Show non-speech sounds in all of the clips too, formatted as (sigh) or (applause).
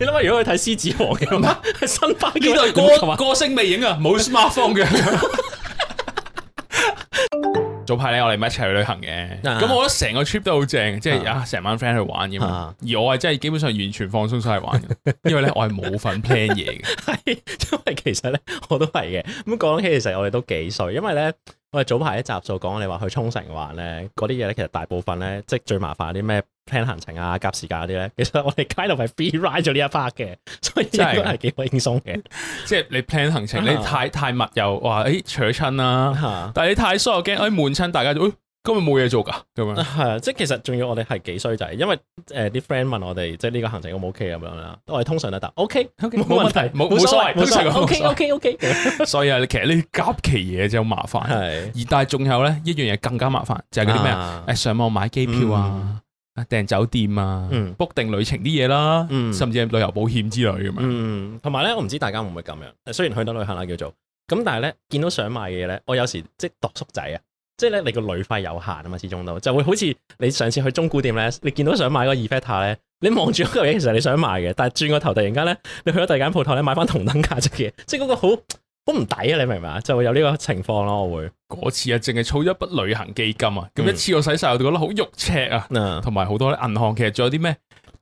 你諗下如果去睇獅子王嘅話咩？麼新派嘅歌，同埋歌星未影啊，冇 smartphone 嘅。早排咧，我哋咪一齊去旅行嘅。咁我覺得成個 trip 都好正，即係啊，成、啊啊、晚 friend 去玩嘅嘛。啊、而我係真係基本上完全放鬆晒去玩，啊、因為咧我係冇份 plan 嘢嘅。係， (laughs) 因為其實咧我都係嘅。咁講起，其實我哋都幾衰，因為咧。我哋早排一集就講，你話去沖繩嘅話咧，嗰啲嘢咧，其實大部分咧，即係最麻煩啲咩 plan 行程啊、夾時間啲咧，其實我哋街頭係 free ride 咗呢一 part 嘅，所以真係幾輕鬆嘅。慌慌 (laughs) 即係你 plan 行程，你太太密又話誒扯親啦，哎、的但係你太疏又驚誒悶親，哎、悶大家就。哎根本冇嘢做噶，咁樣係，即係其實仲要我哋係幾衰仔，因為誒啲 friend 問我哋，即係呢個行程 O 唔 ok 咁樣啦，我哋通常都答 ok，冇問題，冇冇所謂，ok ok ok，所以啊，其實呢啲夾期嘢，就好麻煩，係，而但係仲有咧一樣嘢更加麻煩，就係嗰啲咩啊，誒上網買機票啊，訂酒店啊，book 定旅程啲嘢啦，甚至係旅遊保險之類咁樣，嗯，同埋咧，我唔知大家會唔會咁樣，誒雖然去到旅行啦叫做，咁但係咧，見到想買嘅嘢咧，我有時即係度叔仔啊。即係咧，你個旅費有限啊嘛，始終都就會好似你上次去中古店咧，你見到想買個 Effecter 咧，你望住嗰嚿嘢，其實你想買嘅，但係轉個頭突然間咧，你去咗第二間鋪頭咧，買翻同等價值嘅，即係嗰個好好唔抵啊！你明唔明啊？就會有呢個情況咯。我會嗰次啊，淨係儲咗一筆旅行基金啊，咁一次我使晒，我哋覺得好肉赤啊，同埋好多咧，銀行其實仲有啲咩？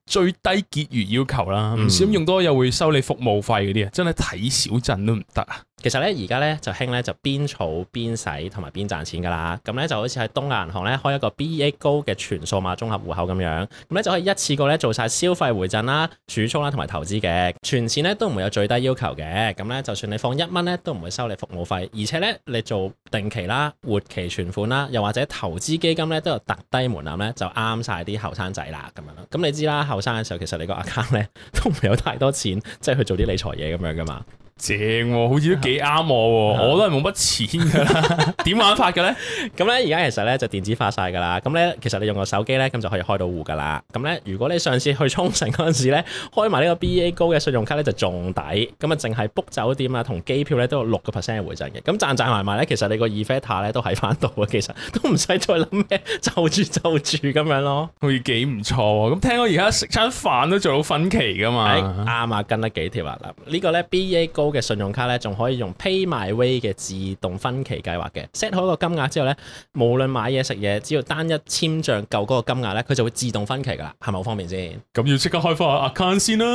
最低結餘要求啦，唔小心、嗯、用多又會收你服務費嗰啲啊，真係睇小震都唔得啊！其實呢，而家呢，就興呢，就邊儲邊使同埋邊賺錢噶啦，咁呢，就好似喺東亞銀行呢，開一個 BEA GOAL 嘅全數碼綜合戶口咁樣，咁呢，就可以一次過呢，做晒消費回贈啦、儲蓄啦同埋投資嘅，全線呢，都唔會有最低要求嘅，咁呢，就算你放一蚊呢，都唔會收你服務費，而且呢，你做定期啦、活期存款啦，又或者投資基金呢，都有特低門檻呢，就啱晒啲後生仔啦，咁樣咯，咁你知啦。後生嘅時候，其實你個 account 咧都唔係有太多錢，即係去做啲理財嘢咁樣噶嘛。正、哦、好似都幾啱我、哦， (music) 我都係冇乜錢噶啦，點玩法嘅咧？咁咧而家其實咧就電子化晒噶啦，咁咧其實你用個手機咧咁就可以開到戶噶啦。咁咧如果你上次去沖繩嗰陣時咧開埋呢個 B A 高嘅信用卡咧就仲抵，咁啊淨係 book 酒店啊同機票咧都有六個 percent 嘅回贈嘅。咁賺賺埋埋咧，其實你個 Efecta 咧、er、都喺翻度啊，其實都唔使再諗咩就住就住咁樣咯，會幾唔錯喎。咁聽我而家食餐飯都做到分期噶嘛？啱啊，跟得幾貼啊。立。呢個咧 B A 高，嘅信用卡咧，仲可以用 PayMyWay 嘅自動分期計劃嘅。set 好個金額之後咧，無論買嘢食嘢，只要單一簽帳夠嗰個金額咧，佢就會自動分期噶啦，係咪好方便先？咁要即刻開翻個 account 先啦。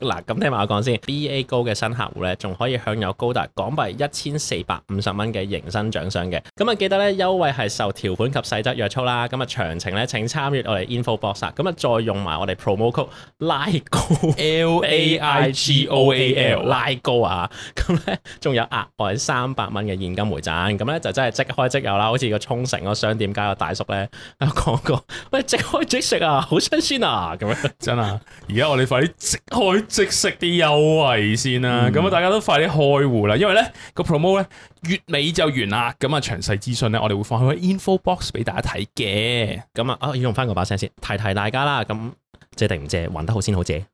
嗱，咁聽埋我講先。BEA GOAL 嘅新客戶咧，仲可以享有高達港幣一千四百五十蚊嘅迎新獎賞嘅。咁啊，記得咧優惠係受條款及細則約束啦。咁啊，詳情咧請參閱我哋 info box。咁啊，再用埋我哋 promo code 拉高 L A I G O A L 拉高啊！咁咧仲有額外三百蚊嘅現金回贈，咁咧就真係即開即有啦！好似個沖繩嗰商店街個大叔咧，喺度講過，喂，即開即食啊，好新鮮啊！咁樣真啊，而家 (laughs) 我哋快啲即開即食啲優惠先啦！咁啊、嗯，大家都快啲開戶啦，因為咧個 promo 咧月尾就完啦。咁啊，詳細資訊咧，我哋會放喺 info box 俾大家睇嘅。咁啊，啊，要用翻嗰把聲先，提提大家啦。咁借定唔借，還得到先好借。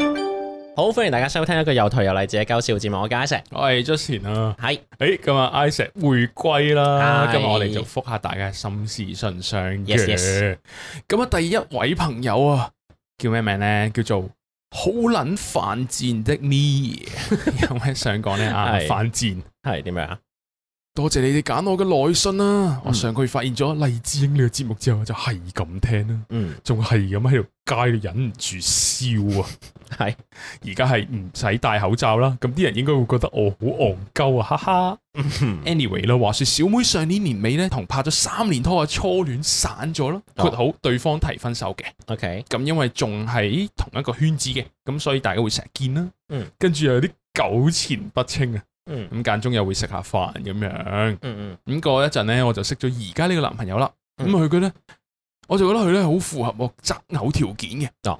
(laughs) 好，歡迎大家收聽一個又台又勵志嘅搞笑節目。我係 i c e 我係 Justin 啦，係、哎，誒、啊是哎，今日 Ish 回歸啦，是今日我哋就覆下大家心事信箱嘅。咁啊，第一位朋友啊，叫咩名咧？叫做好捻犯賤的你， (laughs) (laughs) 有咩想講咧啊？犯賤係點樣啊？多謝，謝你哋揀我嘅來信啦！嗯、我上個月發現咗黎智英呢個節目之後，我就係咁聽啦，仲係咁喺條街度忍唔住笑啊！係而家係唔使戴口罩啦，咁啲人應該會覺得我好戇鳩啊！哈哈。Anyway 啦，話說小妹上年年尾咧，同拍咗三年拖嘅初戀散咗咯，括、哦、好對方提分手嘅。OK，咁因為仲喺同一個圈子嘅，咁所以大家會成日見啦。嗯，跟住又有啲糾纏不清啊。嗯，咁間中又會食下飯咁樣，嗯嗯，咁、嗯、過一陣咧，我就識咗而家呢個男朋友啦。咁佢咧，我就覺得佢咧好符合我擇偶條件嘅，啊，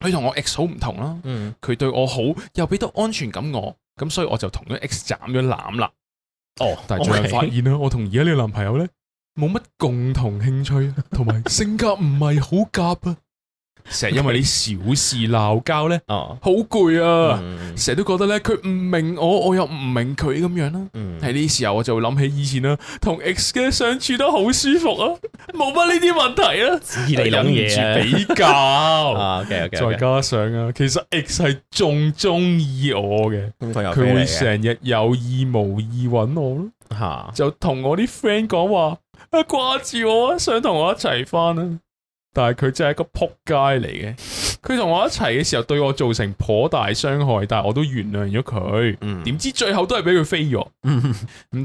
佢同我 ex 好唔同啦，嗯，佢對我好，又俾到安全感我，咁所以我就同咗 ex 斬咗纜啦。哦，但係最近發現啦，okay, 我同而家呢個男朋友咧，冇乜共同興趣，同埋 (laughs) 性格唔係好夾啊。成日因為啲小事鬧交咧，哦，好攰啊！成日、嗯、都覺得咧，佢唔明我，我又唔明佢咁樣啦、啊。喺呢、嗯、時候，我就會諗起以前啦，同 X 嘅相處得好舒服啊，冇乜呢啲問題啊。你忍唔住比較啊，okay, okay, okay, 再加上啊，其實 X 係仲中意我嘅，佢、嗯、會成日有意無意揾我咯，吓就同我啲 friend 講話啊，掛住我啊，想同我一齊返啊。但係佢真係一個撲街嚟嘅，佢同我一齊嘅時候對我造成頗大傷害，但係我都原諒咗佢。點知最後都係俾佢飛咗。咁、嗯、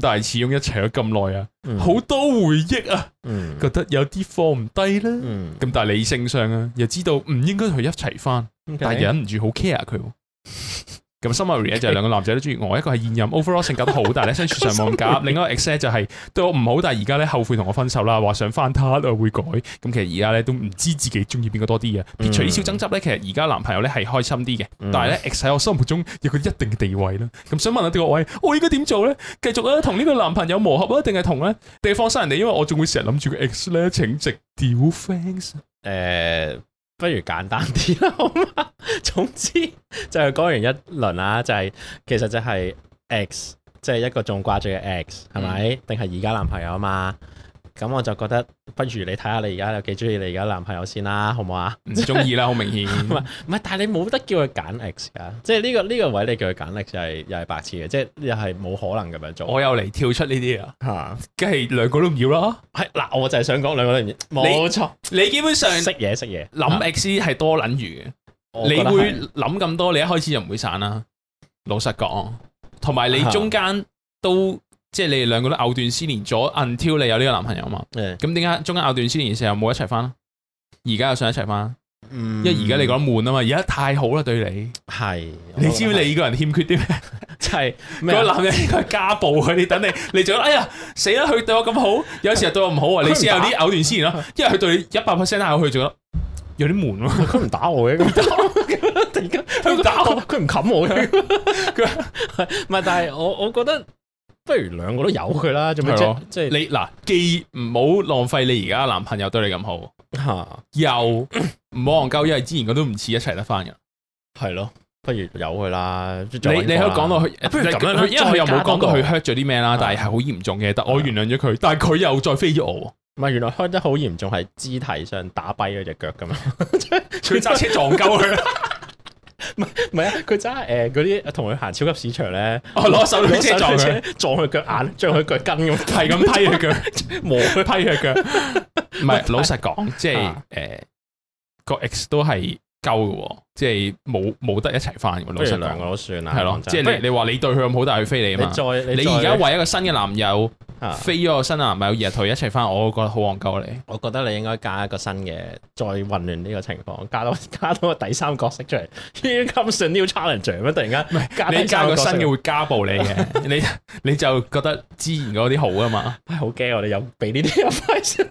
但係始終一齊咗咁耐啊，好多回憶啊，嗯、覺得有啲放唔低啦。咁但係理性上啊，又知道唔應該同佢一齊翻，但係忍唔住好 care 佢。咁 summary 咧，就係兩個男仔都中意我，Okay. 一個係現任 (laughs) ，overall 性格都好，但係相處上冇夾。另一個 ex 就係對我唔好，但係而家咧後悔同我分手啦，話想翻他，都會改。咁其實而家咧都唔知自己中意邊個多啲嘅。撇除呢小爭執咧，其實而家男朋友咧係開心啲嘅， (laughs) 但係咧 ex 喺我心目中有佢一,一定嘅地位啦。咁想問下各位，我應該點做咧？繼續咧同呢個男朋友磨合啊，定係同咧？定係放生人哋？因為我仲會成日諗住個 ex 咧，請直屌 fans。誒、呃。不如簡單啲啦，好嘛？總之就係、是、講完一輪啦，就係、是、其實就係 X，即係一個仲掛住嘅 X，係咪？定係而家男朋友啊嘛？咁我就覺得不如你睇下你而家有幾鍾意你而家男朋友先、啊、好好啦，好唔好啊？唔鍾意啦，好明顯。唔係， (laughs) 但係你冇得叫佢揀 X 噶，即係、呢、呢個呢、呢個位你叫佢揀 X 係又係白痴嘅，即係又係冇可能咁樣做。我又嚟跳出呢啲啊，梗係的兩個都唔要咯。係嗱，我就係想講兩個都唔要。冇你錯，你基本上識嘢識嘢，諗的 X 係多撚餘嘅。你會諗咁多，你一開始就唔會散啦。老實講，同埋你中間都。即係你哋兩個都藕斷絲連咗，until 你有呢個男朋友嘛？咁點解中間藕斷絲連嘅時候冇一齊翻？而家又想一齊翻？嗯、因為而家你講悶啊嘛，而家太好啦對你。係是你知唔知你個人欠缺啲咩？即係個男人應該家暴佢， (laughs) 你等你你做咗哎呀死啦，佢對我咁好，有時又對我唔好啊！你先有啲藕斷絲連咯，因為佢對你一百 percent 拉我，佢做有啲悶咯。佢唔打我嘅，突然間佢打我，佢唔冚我嘅。唔係， (laughs) (laughs) 但係我我覺得。不如兩個都有佢啦，做咩啫？即係你嗱，既唔好浪費你而家男朋友對你咁好，又唔好戇鳩，因為之前佢都唔似一齊得翻嘅。係咯，不如有佢啦。你你可以講到佢，不如咁樣，佢又冇講到佢 hurt 咗啲咩啦，但係好嚴重嘅，但我原諒咗佢，但係佢又再飛咗我。唔係，原來 hurt 得好嚴重係肢體上打跛咗隻腳咁樣，即揸車撞鳩佢。唔係啊！佢揸誒嗰啲同佢行超級市場咧，攞、哦、手推車撞佢，撞佢腳眼，將佢腳筋咁，係咁批佢腳，磨佢批佢腳。唔係老實講， (laughs) 即係誒個 X 都係。夠嘅，即係冇冇得一齊翻嘅。老實不如講我都算啦，係咯了，的即係你如你話你對佢咁好，但係佢飛你啊嘛。你而家為一個新嘅男友飛咗個新男友，而同佢一齊翻，我會覺得好戇鳩你。我覺得你應該加一個新嘅，再混亂呢個情況，加多加多個第三角色出嚟，Here comes a new challenger 突然間是，加你加個新嘅會加暴你嘅， (laughs) 你你就覺得之前嗰啲好啊嘛，好驚我哋有俾呢啲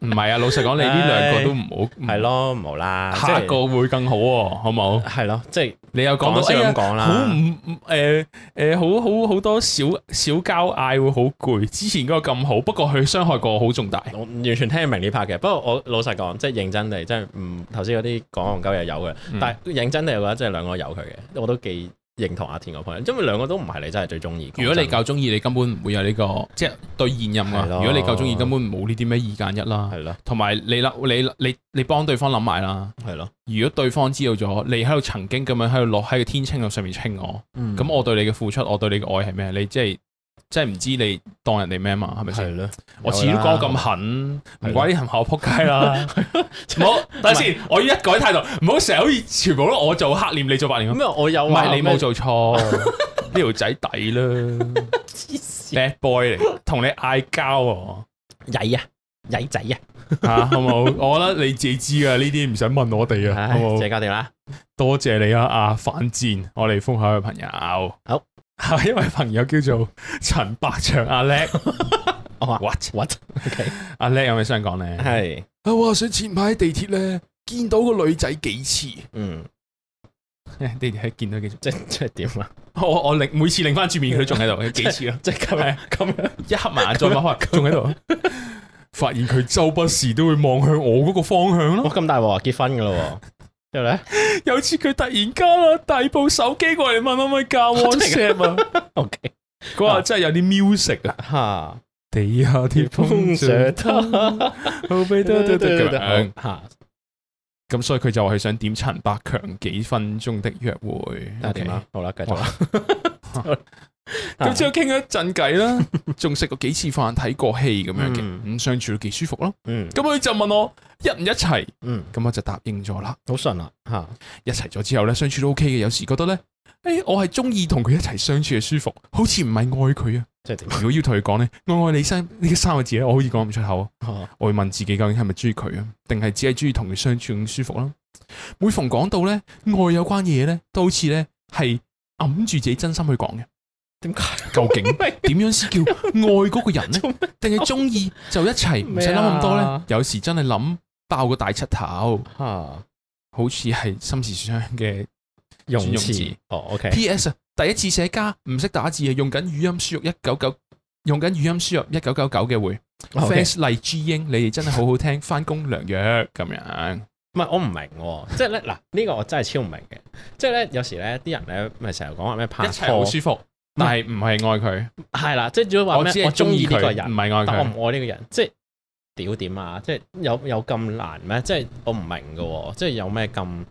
唔係啊，老實講，你呢兩個都唔好係咯，唔好啦。下一個會更好喎，好冇？係咯，即係你有講到咁講啦，好唔誒誒，好好好多小小交嗌會好攰。之前嗰個咁好，不過佢傷害過好重大。我完全聽唔明呢 part 嘅，不過我老實講，即係認真地，即係唔頭先嗰啲講戇交嘢有嘅，嗯、但係認真地嘅話，即係兩個有佢嘅，我都幾。認同阿田嗰朋友，因為兩個都唔係你真係最中意。如果你夠中意，你根本唔會有呢個，即係對現任啊。的如果你夠中意，根本冇呢啲咩二揀一啦。係咯的，同埋你諗，你你你幫對方諗埋啦。係咯的，如果對方知道咗你喺度曾經咁樣喺度落喺個天秤個上面稱我，咁的我對你嘅付出，我對你嘅愛係咩？你即係。即係唔知你當人哋咩嘛，係咪先？係咯，我始終講咁狠，唔怪啲人吓我撲街啦。好，等先，我一改態度，唔好成日好似全部都我做黑臉，你做白臉。咁啊，我有啊，你冇做錯，呢條仔抵啦，bad boy 嚟，同你嗌交啊，曳啊，曳仔啊，吓好唔好？我覺得你自己知啊，呢啲唔使問我哋啊，好。謝教點啊？多謝你啊，阿反戰，我哋封口嘅朋友，好。下一位朋友叫做陳百祥阿叻，what what？OK，阿叻有咩想講咧？係我話上前排喺地鐵咧，見到個女仔幾次？嗯，地鐵係見到幾？即即係點啊？我我每次擰翻轉面佢仲喺度，幾次咯？即係咁樣咁樣一合埋眼再擘開，仲喺度。發現佢周不時都會望向我嗰個方向咯。咁大鑊話結婚噶啦？有咧， (music) 有次佢突然間啦，帶部手機過嚟問可唔可以教我 WhatsApp 啊？OK，嗰下真係有啲 music 啊！吓，地下啲風雪灘，吓。咁、 (music) 啊 (music) 啊、所以佢就係想點陳百強幾分鐘的約會？得點啊？好啦，繼續啦。 (music) (music) 咁之、嗯、後傾咗一陣偈啦，仲食 (laughs) 過幾次飯，睇過戲咁、嗯、樣嘅，咁相處都幾舒服咯。咁佢、嗯、就問我一唔一齊，咁、嗯、我就答應咗啦。好順啦、啊、吓、啊、一齊咗之後咧，相處都 OK 嘅。有時覺得咧，誒、欸，我係中意同佢一齊相處嘅舒服，好似唔係愛佢啊。即如果要同佢講咧，愛愛你三呢三個字咧，我好似講唔出口。啊。我會問自己究竟係咪中意佢啊，定係只係中意同佢相處咁舒服啦。每逢講到咧愛有關嘢咧，都好似咧係揞住自己真心去講嘅。點解？究竟點樣先叫愛嗰個人呢？定係鍾意就一齊唔使諗咁多呢？有時真係諗爆個大七頭吓，好似係心事上嘅用詞 OK。PS 第一次寫家唔識打字啊，用緊語音輸入一九九，用緊語音輸入一九九九嘅會。fans 麗珠英，你哋真係好好聽。翻工良藥咁樣。唔係我唔明，即係咧，嗱呢個我真係超唔明嘅。即係咧有時咧啲人咧咪成日講話咩拍拖一齊好舒服。但係唔係愛佢，係啦、嗯，即係主要話咩？我中意呢個人，唔係愛佢。但我唔愛呢個人，即係屌點啊！即係有有咁難咩？即係我唔明噶、哦，即係有咩咁？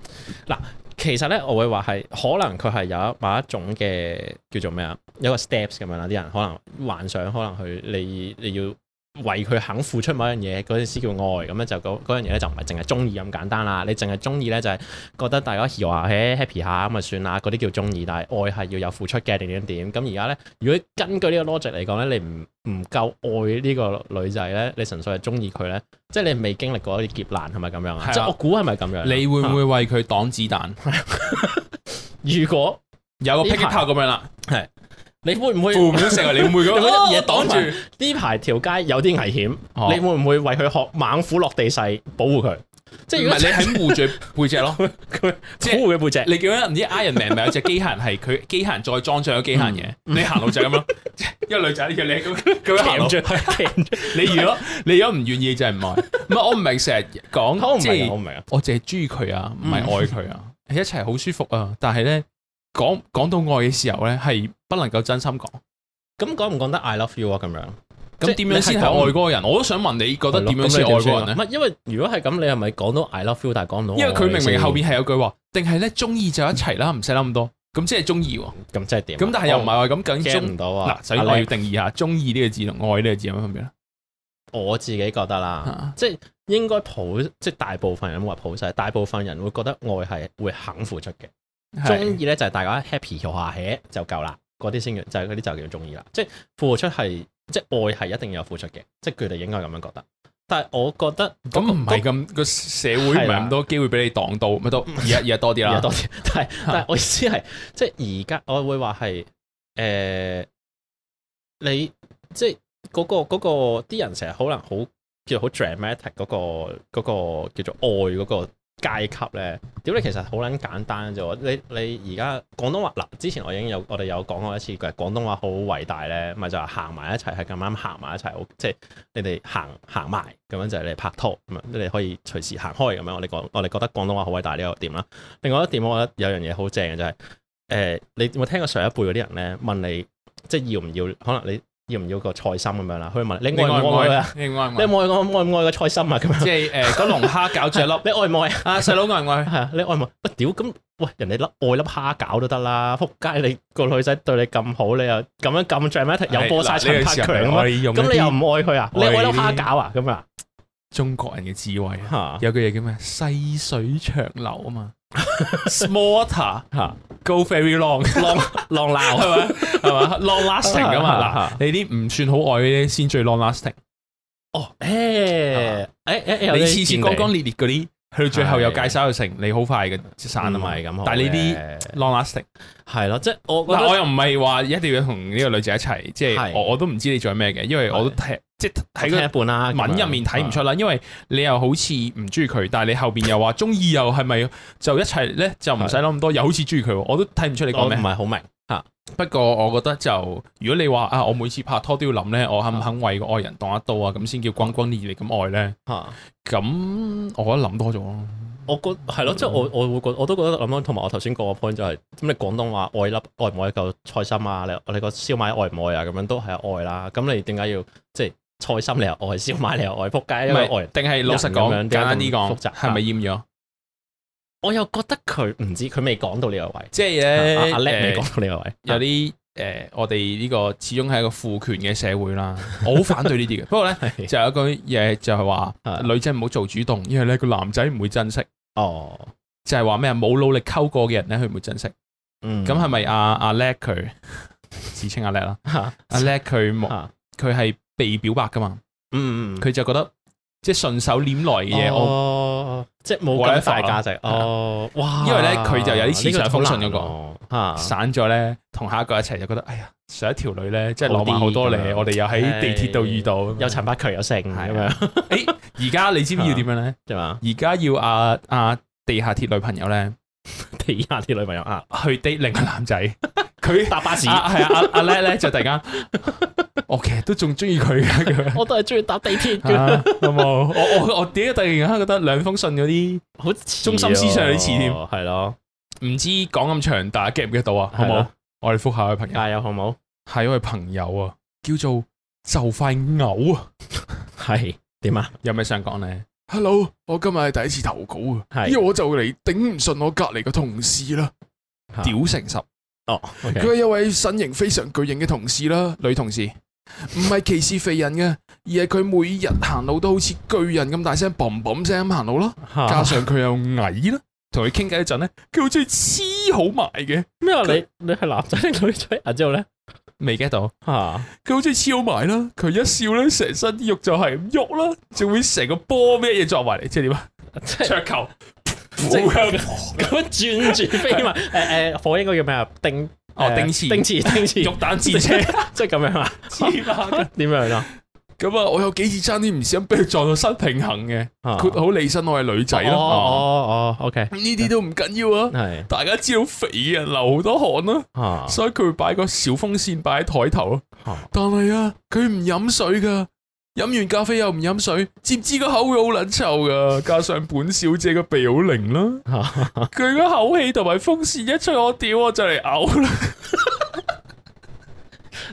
嗱，其實咧我會話係可能佢係有一某一種嘅叫做咩啊？有個 steps 咁樣啦，啲人可能幻想，可能佢你你要。為佢肯付出某樣嘢，嗰時叫愛。咁咧就嗰嗰樣嘢咧就唔係淨係中意咁簡單啦。你淨係中意咧就係覺得大家熱下，嘿 happy 下咁啊算啦。嗰啲叫中意，但係愛係要有付出嘅，定點點。咁而家咧，如果根據呢個 logic 嚟講咧，你唔唔夠愛呢個女仔咧，你純粹係中意佢咧，即係你未經歷過一啲劫難係咪咁樣？即係我估係咪咁樣？你會唔會為佢擋子彈？ (laughs) (laughs) 如果有個 pick 咁樣啦，係近。你會唔會？護唔成啊！你會唔會？你會咁樣一嘢擋住？呢排條街有啲危險，你會唔會為佢學猛虎落地勢保護佢？即係唔係你喺護住背脊咯？保護嘅背脊。你叫咩？唔知 Iron Man 咪有隻機械人係佢機械人再裝上咗機械嘢，你行路只咁咯？一個女仔咁靚，咁咁樣行路。係。你如果你如果唔願意就係唔愛。唔係我唔係成日講，即係我唔係啊！我淨係中意佢啊，唔係愛佢啊。喺一齊好舒服啊，但係咧。講講到愛嘅時候咧，係不能夠真心講。咁講唔講得 I love you 啊？咁樣咁點是樣先係愛嗰個人？的我都想問你覺得點樣先係愛嗰個人？唔係，因為如果係咁，你係咪講到 I love you，但係講到因為佢明明後邊係有句話，定係咧中意，就一齊啦，唔使諗咁多。咁、啊、即係、啊、中意喎，咁即係點？咁但係又唔係話咁，梗係唔到啊！所以我要定義下中意呢個字同愛呢個字有咩分別咧？我自己覺得啦，啊、即係應該普，即係大部分人咁話普晒，大部分人會覺得愛係會肯付出嘅。中意咧就係大家 happy 又話 hea 就夠啦，嗰啲先叫就係嗰啲就叫鍾意啦。即係付出係，即係愛係一定要有付出嘅，即係佢哋應該咁樣覺得。但係我覺得咁唔係咁個社會唔係咁多機會俾你擋到，咪都而家而家多啲啦，而家多啲。但係但係我意思係、 (laughs) 呃，即係而家我會話係誒，你即係嗰個嗰、嗰個啲人成日可能好叫做好 dramatic 嗰、嗰個嗰、嗰個叫做愛嗰、嗰個。階級咧，屌你！其實好捻簡單嘅啫喎，你你而家廣東話嗱，之前我已經有我哋有講過一次，其實廣東話好偉大咧，咪就話行埋一齊，係咁啱行埋一齊，即係你哋行行埋咁樣就係你拍拖，咁啊，即係你可以隨時行開咁樣。我哋講，我哋覺得廣東話好偉大呢，又點啦？另外一個點，我覺得有樣嘢好正嘅就係，誒，你有冇聽過上一輩嗰啲人咧問你，即係要唔要？可能你。要唔要個菜心咁樣啦？去問你愛唔愛啊？你愛唔愛？愛唔愛個菜心啊？咁樣即係誒，個龍蝦餃只粒，你愛唔愛啊？細佬愛唔愛？係啊，你愛唔愛？我屌咁喂，人哋粒愛粒蝦餃都得啦，仆街！你個女仔對你咁好，你又咁樣撳住，有波晒陳柏強啊？咁你又唔愛佢啊？你愛粒蝦餃啊？咁啊？中國人嘅智慧啊，有句嘢叫咩？細水長流啊嘛。Smaller 吓，go very long，long long lasting 係咪？係嘛，long lasting 啊嘛。嗱、嗯，你啲唔算好愛嗰啲先最 long lasting。哦，誒，誒誒，你次次轟轟烈烈嗰啲，去到最後又介紹又成，你好快嘅散啊嘛，咁。但係呢啲 long lasting 係咯，即係我，嗱，我又唔係話一定要同呢個女仔一齊，即係我我都唔知你做咩嘅，因為我都聽。即係睇佢一半啦，文入面睇唔出啦，因為你又好似唔中意佢，但係你後邊又話中意又係咪就一齊咧？就唔使諗咁多，又好似中意佢，我都睇唔出你講咩。我唔係好明吓， (laughs) 不過我覺得就如果你話啊，我每次拍拖都要諗咧，我肯唔肯為個愛人擋一刀啊，咁先叫轟轟烈烈咁愛咧吓。咁 (laughs) 我覺得諗多咗咯。我覺係咯，嗯、即係我我會覺我都覺得諗啦。同埋我頭先講個 point 就係、是、咁，你廣東話愛粒愛唔愛嚿菜心啊？你你個燒賣愛唔愛，愛啊？咁樣都係愛啦。咁你點解要即係？菜心你又愛燒賣，你又愛扑街，因為愛定係老實講，簡單啲講，係咪厭咗？我又覺得佢唔知，佢未講到呢位，即係阿叻未講到呢位。有啲誒，我哋呢個始終係一個父權嘅社會啦，我好反對呢啲嘅。不過咧就有一句嘢，就係話女仔唔好做主動，因為咧個男仔唔會珍惜。哦，就係話咩啊？冇努力溝過嘅人咧，佢唔會珍惜。嗯，咁係咪阿阿叻佢自稱阿叻啦？阿叻佢冇，佢係。被表白噶嘛？嗯，佢就覺得即係順手拈來嘅嘢，我即係冇咁大價值。哦，哇！因為咧，佢就有啲似上封信嗰個散咗咧，同下一個一齊就覺得哎呀，上一條女咧即係浪漫好多你，我哋又喺地鐵度遇到，有陳百強有剩咁樣。誒，而家你知唔知要點樣咧？即係話而家要啊，阿地下鐵女朋友咧，地下鐵女朋友啊，去 date 另一個男仔。佢搭巴士，係啊，阿阿叻咧就突然間，我其實都仲中意佢嘅。我都係中意搭地鐵嘅，好冇？我我我點解突然間覺得兩封信嗰啲好中心思想有啲似添？係咯，唔知講咁長，大家 get 唔 get 到啊？好冇？我哋復下位朋友，好冇？係一位朋友啊，叫做就快嘔啊，係點啊？有咩想講咧？Hello，我今日係第一次投稿啊，因為我就嚟頂唔順我隔籬嘅同事啦，屌成十。哦，佢係、oh, okay. 一位身型非常巨型嘅同事啦，女同事，唔係歧視肥人嘅，而係佢每日行路都好似巨人咁大聲嘭嘭聲咁行路啦， (laughs) 加上佢又矮啦，同佢傾偈一陣咧，佢好中意黐好埋嘅。咩話麼他你你係男仔定女仔啊？之後咧未 get 到吓，佢 (laughs) 好中意黐好埋啦，佢一笑咧，成身啲肉就係喐啦，會 (laughs) 就會成個波咩嘢作埋嚟，即係點啊？桌球。咁樣轉轉飛嘛？誒誒，火應該叫咩啊？丁哦，丁字丁字丁字，肉彈戰車，即係咁樣啊？點樣啊？咁啊，我有幾次爭啲唔小心俾佢撞到失平衡嘅，佢好理身，我係女仔咯。哦哦，OK，呢啲都唔緊要啊。係，大家知道肥啊，流好多汗啦，所以佢會擺個小風扇擺喺台頭咯。但係啊，佢唔飲水噶。飲完咖啡又唔飲水，知唔知個口會好撚臭噶。加上本小姐個鼻好靈啦，佢個 (laughs) 口氣同埋風扇一吹我我，我屌，我就嚟嘔啦。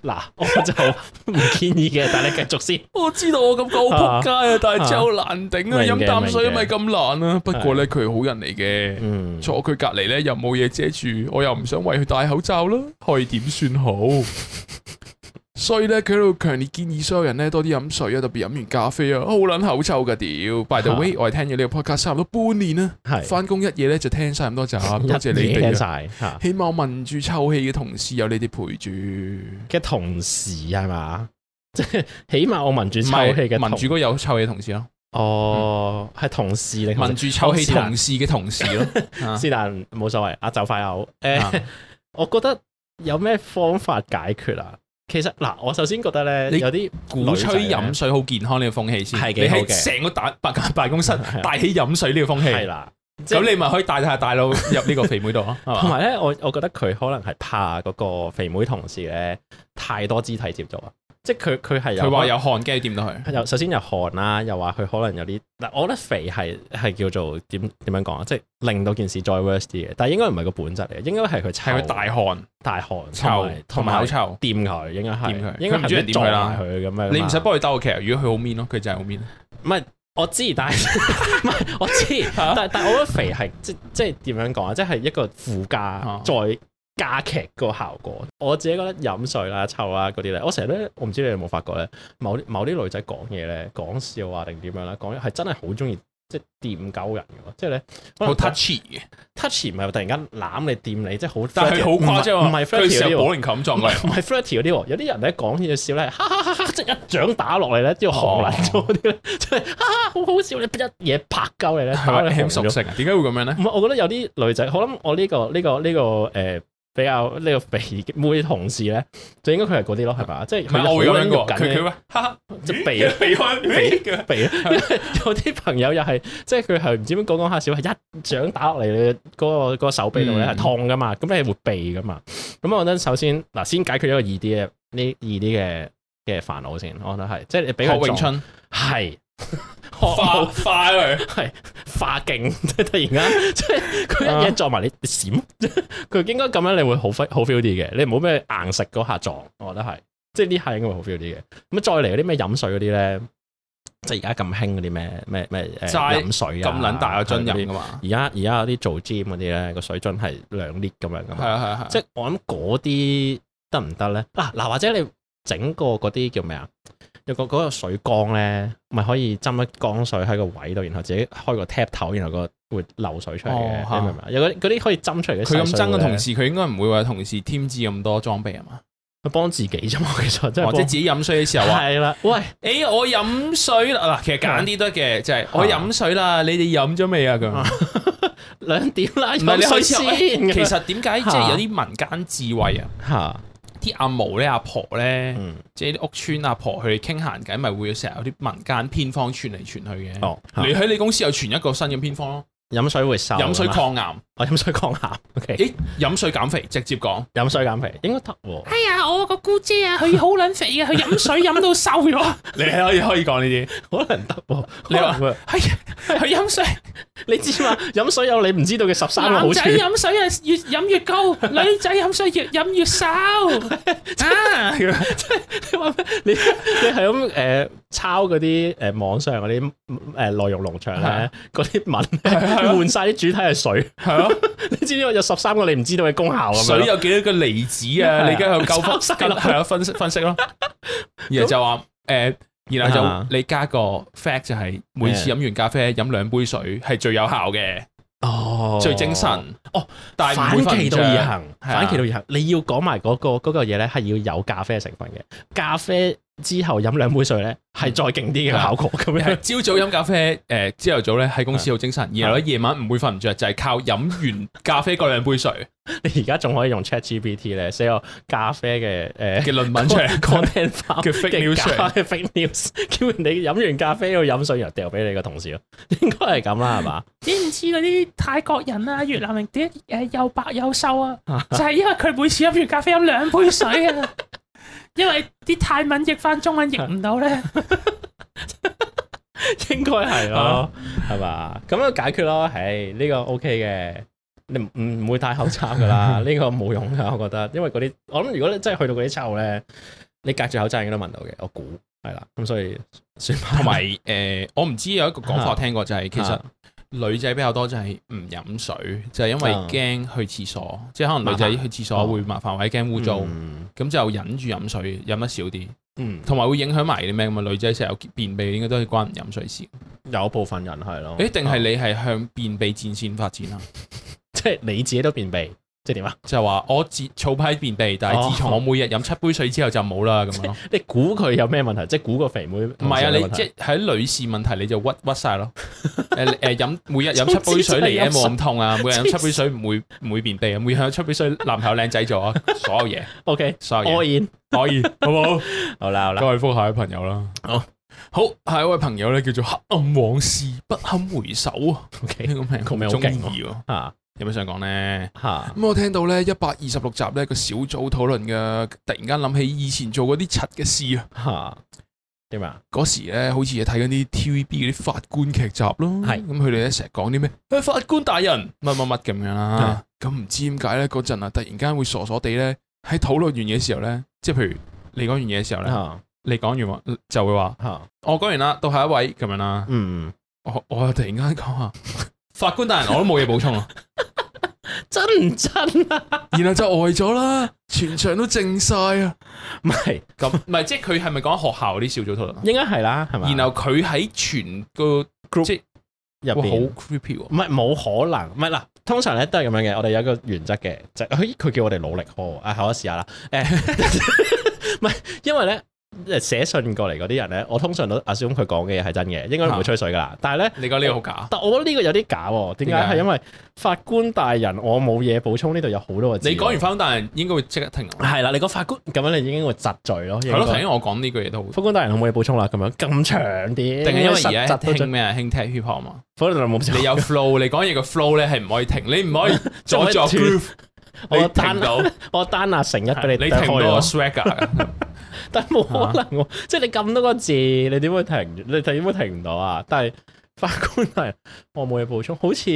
嗱， (laughs) 我就唔建議嘅，但係你繼續先。 (laughs) 我知道我咁講好撲街啊，但係真係好難頂啊，飲啖水咪咁難啊。不過咧，佢係好人嚟嘅，的坐佢隔籬咧又冇嘢遮住，我又唔想為佢戴口罩咯，可以點算好？ (laughs) 所以咧，佢喺度強烈建議所有人咧多啲飲水啊，特別飲完咖啡啊，好捻口臭噶屌！By the way，我係聽咗呢個 podcast 差唔多半年啦，係翻工一夜咧就聽晒咁多集，多謝你哋，聽晒。起碼我聞住臭氣嘅同事有你哋陪住嘅同事係嘛，即係起碼我聞住臭氣嘅聞住嗰有臭氣嘅同事咯。哦，係同事嚟，聞住臭氣同事嘅同事咯。是但冇所謂，阿就快嘔。誒，我覺得有咩方法解決啊？其實嗱，我首先覺得咧，你有啲鼓吹飲水好健康呢個,個風氣先， (laughs) 係幾好嘅你喺成個大白辦公室帶起飲水呢個風氣，係啦，咁你咪可以帶下大佬入呢個肥妹度咯、啊。同埋咧，我我覺得佢可能係怕嗰個肥妹同事咧太多肢體接觸啊。即係佢，佢係有佢話有汗，驚掂到佢。又首先有汗啦，又話佢可能有啲嗱，我覺得肥係係叫做點點樣講啊？即係令到件事再 worse 啲嘅，但係應該唔係個本質嚟嘅，應該係佢臭。佢大汗大汗臭同埋口臭，掂佢應該係。掂佢唔中意掂佢咁樣。你唔使幫佢兜其實，如果佢好 mean 咯，佢就係好 mean。唔係我知，但係唔係我知，但係但係我覺得肥係即即係點樣講啊？即係一個附加再加劇個效果，我自己覺得飲水啦、啊、臭啊嗰啲咧，我成日咧，我唔知你有冇發覺咧，某某啲女仔講嘢咧，講笑、啊、話定點樣咧，講嘢係真係好中意即係掂鳩人嘅，即係咧好 touchy 嘅，touchy 唔係突然間攬你掂你，即係好，但係好誇張，唔係 flirty，成保齡球咁撞嘅，唔係 flirty 嗰啲，有啲人咧講嘢笑咧，哈哈哈，哈，哈即係一掌打落嚟咧，即係寒泥咗啲咧，即係、哦、 (laughs) 哈哈，好好笑，你一嘢拍鳩你咧，係你好熟悉啊，點解會咁樣咧？唔係，我覺得有啲女仔，可能我呢、呢個呢、呢個呢、呢個誒。呃比較呢個肥妹同事咧，就應該佢係嗰啲咯，係嘛？即係內咁樣個，佢佢吓即係避避開避嘅避。有啲朋友又係，即係佢係唔知點講講下，少，係一掌打落嚟你嗰個 (laughs) 個手臂度咧係痛噶嘛，咁、嗯、你係會避噶嘛？咁我覺得首先嗱，先解決一個易啲嘅呢易啲嘅嘅煩惱先，我覺得係即係你俾個詠春係。 (laughs) (laughs) (laughs) 學 (laughs) 化快佢係化勁，即係 (laughs) 突然間，即係佢一嘢撞埋你閃，佢應該咁樣你會好 feel 好 feel 啲嘅。你唔好咩硬食嗰下撞，我覺得係，即係呢下應該會好 feel 啲嘅。咁再嚟嗰啲咩飲水嗰啲咧，即係而家咁興嗰啲咩咩咩誒，飲水咁卵大個樽入邊噶嘛？而家而家有啲做 gym 嗰啲咧，個水樽係兩 lift 咁樣噶嘛？係啊係係，即係我諗嗰啲得唔得咧？嗱嗱，或者你整個嗰啲叫咩啊？有個個水缸咧，咪可以斟一缸水喺個位度，然後自己開個 tap 頭，然後個會流水出嚟嘅，你明唔明？有嗰啲可以斟出嚟嘅。佢咁斟嘅同時，佢應該唔會話同事添置咁多裝備啊嘛，佢幫自己啫嘛，其實即或者自己飲水嘅時候係啦，喂，誒，我飲水啦，嗱，其實簡啲都得嘅，就係我飲水啦，你哋飲咗未啊？咁兩點啦，唔係你開始。其實點解即係有啲民間智慧啊？吓。啲阿嫲咧、阿婆咧，嗯、即係啲屋邨阿婆去傾閒偈，咪會成日有啲民間偏方傳嚟傳去嘅。哦、你喺你公司又傳一個新嘅偏方咯？飲水會瘦，飲水抗癌，我飲水抗癌。O K，咦，飲水減肥，直接講，飲水減肥應該得喎。係啊，我個姑姐啊，佢好撚肥嘅，佢飲水飲到瘦咗。你可以可以講呢啲，可能得喎。你話係佢飲水，你知嘛？飲水有你唔知道嘅十三個好處。飲水啊，越飲越高；女仔飲水越飲越瘦，你話咩？你你係咁誒抄嗰啲誒網上嗰啲誒內容農場咧嗰啲文。換晒啲主體係水，係咯，你知唔知有十三個你唔知道嘅功效？水有幾多個離子啊？你而家又夠分析啦，係啊，分析分析咯。然後就話誒，然後就你加個 fact 就係每次飲完咖啡飲兩杯水係最有效嘅，哦，最精神哦。但係反其道而行，反其道而行，你要講埋嗰個嗰嚿嘢咧係要有咖啡嘅成分嘅咖啡。之後飲兩杯水咧，係再勁啲嘅效果。咁樣，朝早飲咖啡，誒、呃，朝頭早咧喺公司好精神。而我夜晚唔會瞓唔着，就係、是、靠飲完咖啡嗰兩杯水。你而家仲可以用 Chat GPT 咧寫個咖啡嘅誒嘅論文出嚟。Content 叫 fake news，叫你飲完咖啡要飲水，又掉俾你個同事咯。應該係咁啦，係嘛？點唔知嗰啲泰國人啊、越南人點誒又白又瘦啊？就係因為佢每次飲完咖啡飲兩杯水啊！因為啲泰文譯翻中文譯唔到咧， (laughs) (laughs) 應該係咯，係嘛 (laughs) 咁樣解決咯，唉，呢個 O K 嘅，你唔唔會戴口罩噶啦，呢 (laughs) 個冇用噶，我覺得，因為嗰啲，我諗如果你真係去到嗰啲臭咧，你隔住口罩應該都聞到嘅，我估係啦，咁所以算，算埋誒，我唔知有一個講法我聽過 (laughs) 就係其實。 (laughs) 女仔比較多就係唔飲水，就係、是、因為驚去廁所，嗯、即係可能女仔去廁所會麻煩、哦、或者驚污糟，咁、嗯、就忍住飲水，飲得少啲。嗯，同埋會影響埋啲咩咁啊？女仔成日便秘應該都係關飲水事。有一部分人係咯，誒，定係你係向便秘戰線發展啊？即係、嗯、 (laughs) 你自己都便秘。即係點啊？即係話我早排便秘，但係自從我每日飲七杯水之後就冇啦。咁樣，你估佢有咩問題？即係估個肥妹唔係啊？你即係喺女士問題，你就屈屈晒咯。誒誒，飲每日飲七杯水嚟嘢，冇咁痛啊！每日飲七杯水唔會唔會便秘啊？每日飲七杯水，男朋友靚仔做啊！所有嘢 OK，sorry 可以可以，好唔好？好啦好啦，再覆下位朋友啦。好，下一位朋友咧，叫做黑暗往事不堪回首啊。OK，呢個名佢唔係好中意啊。有咩想講咧？咁、 (music) 嗯、我聽到咧一百二十六集咧個小組討論嘅，突然間諗起以前做嗰啲柒嘅事啊。點啊？嗰 (music) (music) 時咧好似睇緊啲 TVB 嗰啲法官劇集咯。係咁是，佢哋咧成日講啲咩？誒，法官大人，乜乜乜咁樣啦。咁唔知點解咧？嗰陣啊，突然間會傻傻地咧喺討論完嘢嘅時候咧，即係譬如你講完嘢嘅時候咧，你講完話就會話，我講完啦，到下一位咁樣啦。嗯，我我突然間講下。 (music) 法官大人，我都冇嘢補充啊！ (laughs) 真唔真啊？然後就呆咗啦，全場都靜晒啊！唔係咁，唔係 (laughs) 即係佢係咪講學校啲小組討論？應該係啦，係嘛？然後佢喺全個 group 入邊好 creepy 喎，唔係冇可能，唔係嗱，通常咧都係咁樣嘅。我哋有一個原則嘅，就佢叫我哋努力學啊、哦，我試下啦。誒、哎，唔係 (laughs) (laughs) 因為咧。誒，寫信過嚟嗰啲人咧，我通常都 assume 佢講嘅嘢係真嘅，應該唔會吹水噶啦。但係咧，你講呢個好假，但係我覺得呢個有啲假。點解？係因為法官大人，我冇嘢補充，呢度有好多字。你講完法官大人，應該會即刻停。係啦，你個法官咁樣，你已經會窒嘴咯。係咯，所以我講呢句嘢都好。法官大人有冇嘢補充啦？咁樣咁長啲，定係因為而家聽咩啊？聽聽 hip hop 啊嘛？法律就冇。你有 flow，你講嘢個 flow 咧係唔可以停，你唔可以再作 group。我停唔到，我單阿成一俾你。你停咗個 swagger。但冇可能喎、啊，啊、即係你咁多個字，你點會停？你點會停唔到啊？但係法官係，我冇嘢補充，好似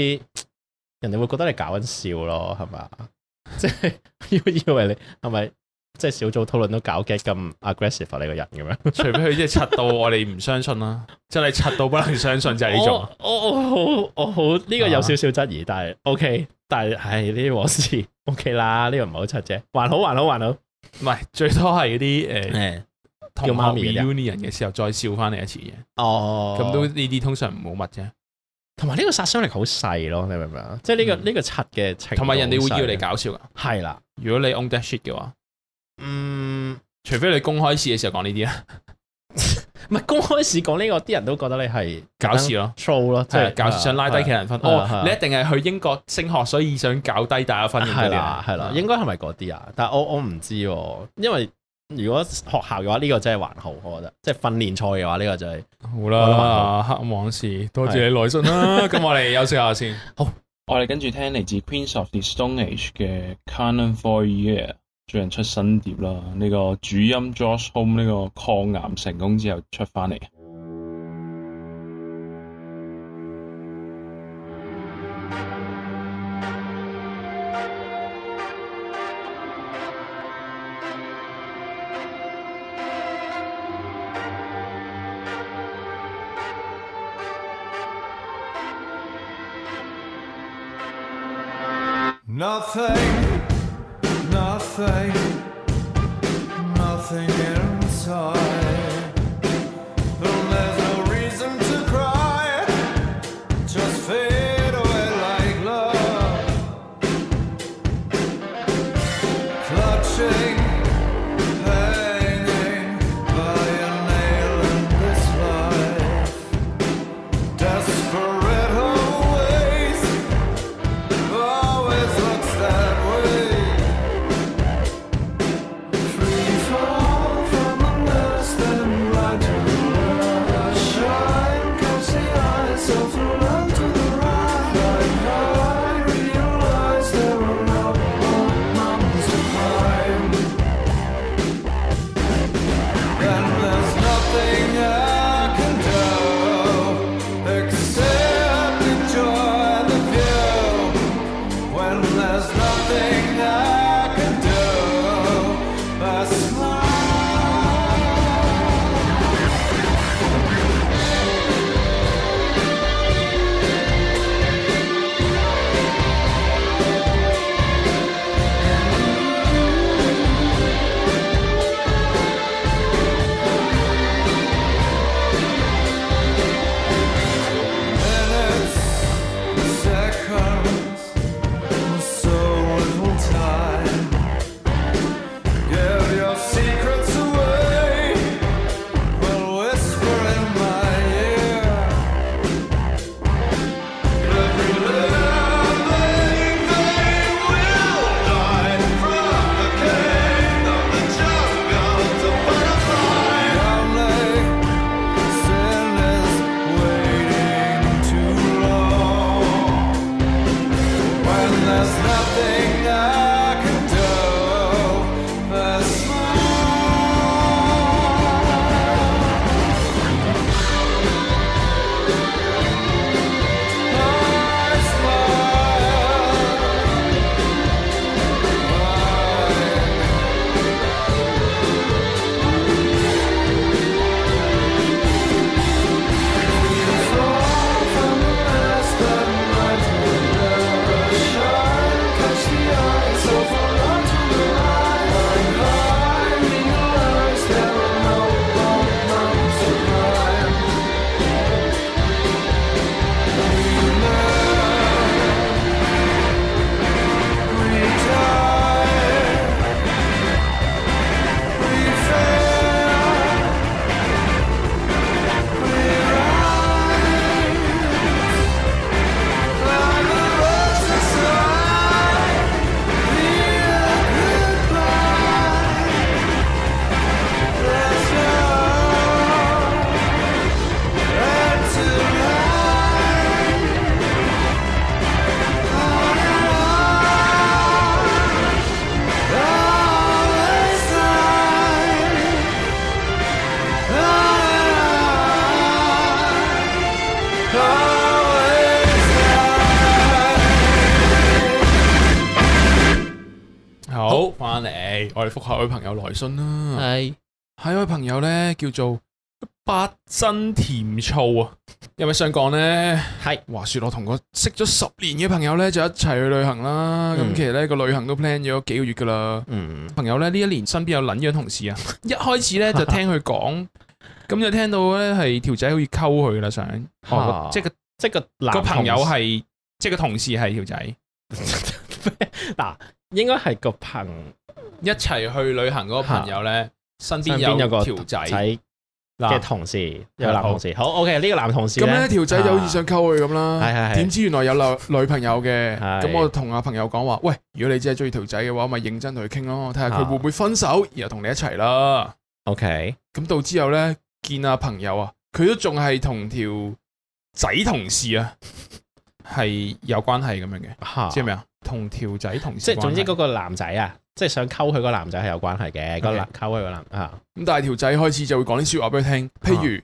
人哋會覺得你搞緊笑咯，係嘛？ (laughs) 即係要以為你係咪即係小組討論都搞 get 咁 aggressive、啊、你個人咁樣？ (laughs) 除非佢真係柒到我哋唔相信啦、啊，真係柒到不能相信就係呢種。我我好，我好呢、這個有少少質疑，但係 OK，但係係呢啲往事 OK 啦，呢個唔係好柒啫，還好，還好，還好。還好還好。唔係最多係嗰啲誒，同下咪 union 嘅時候再笑翻你一次嘅，哦、oh.，咁都呢啲通常唔好乜啫。同埋呢個殺傷力好細咯，你明唔明啊？即係呢、這個呢、嗯、個柒嘅情，同埋人哋會要你搞笑噶，係啦的。如果你 own that shit 嘅話，嗯，除非你公開試嘅時候講呢啲啦。 (laughs) 唔係公開試講呢個，啲人都覺得你係搞事咯，粗咯，即係想拉低其他人分。哦，你一定係去英國升學，所以想搞低大家分噶啦，係啦。應該係咪嗰啲啊？但係我我唔知，因為如果學校嘅話，呢個真係還好，我覺得。即係訓練賽嘅話，呢個就係好啦。黑網士，多謝你耐心啦。咁我哋休息下先。好，我哋跟住聽嚟自 Queens of the Stone Age 嘅《Carnavoyeur》。最近出新碟啦，呢、這個主音 Josh Homme 呢個抗癌成功之後出翻嚟。覆下位朋友來信啦、啊，係係一位朋友咧，叫做八珍甜醋啊，有咩想講咧？係是話說我同個識咗十年嘅朋友咧，就一齊去旅行啦。咁、嗯、其實咧個旅行都 plan 咗幾個月噶啦。嗯，朋友咧呢一年身邊有捻樣同事啊， (laughs) 一開始咧就聽佢講，咁 (laughs) 就聽到咧係條仔好似溝佢啦，想、 (laughs) 哦、即係個即係個 (laughs) 個朋友係即係個同事係條仔嗱，應該係個朋。一齊去旅行嗰個朋友咧，身邊有條仔嘅同事，有個男同事。好，OK，呢好個男同事咁咧，條仔就好似想溝佢咁啦。係點知原來有女朋友嘅。咁我同阿朋友講話，喂，如果你真係中意條仔嘅話，咪認真同佢傾咯，睇下佢會唔會分手，啊、然後同你一齊啦。OK，咁到之後咧，見阿朋友啊，佢都仲係同條仔同事啊，係有關係咁樣嘅，知唔知咩啊？同條仔同事，即係總之嗰個男仔啊。即係想溝佢個男仔係有關係嘅，個 Okay. 男溝佢個男啊，咁但係條仔開始就會講啲說話俾佢聽，譬如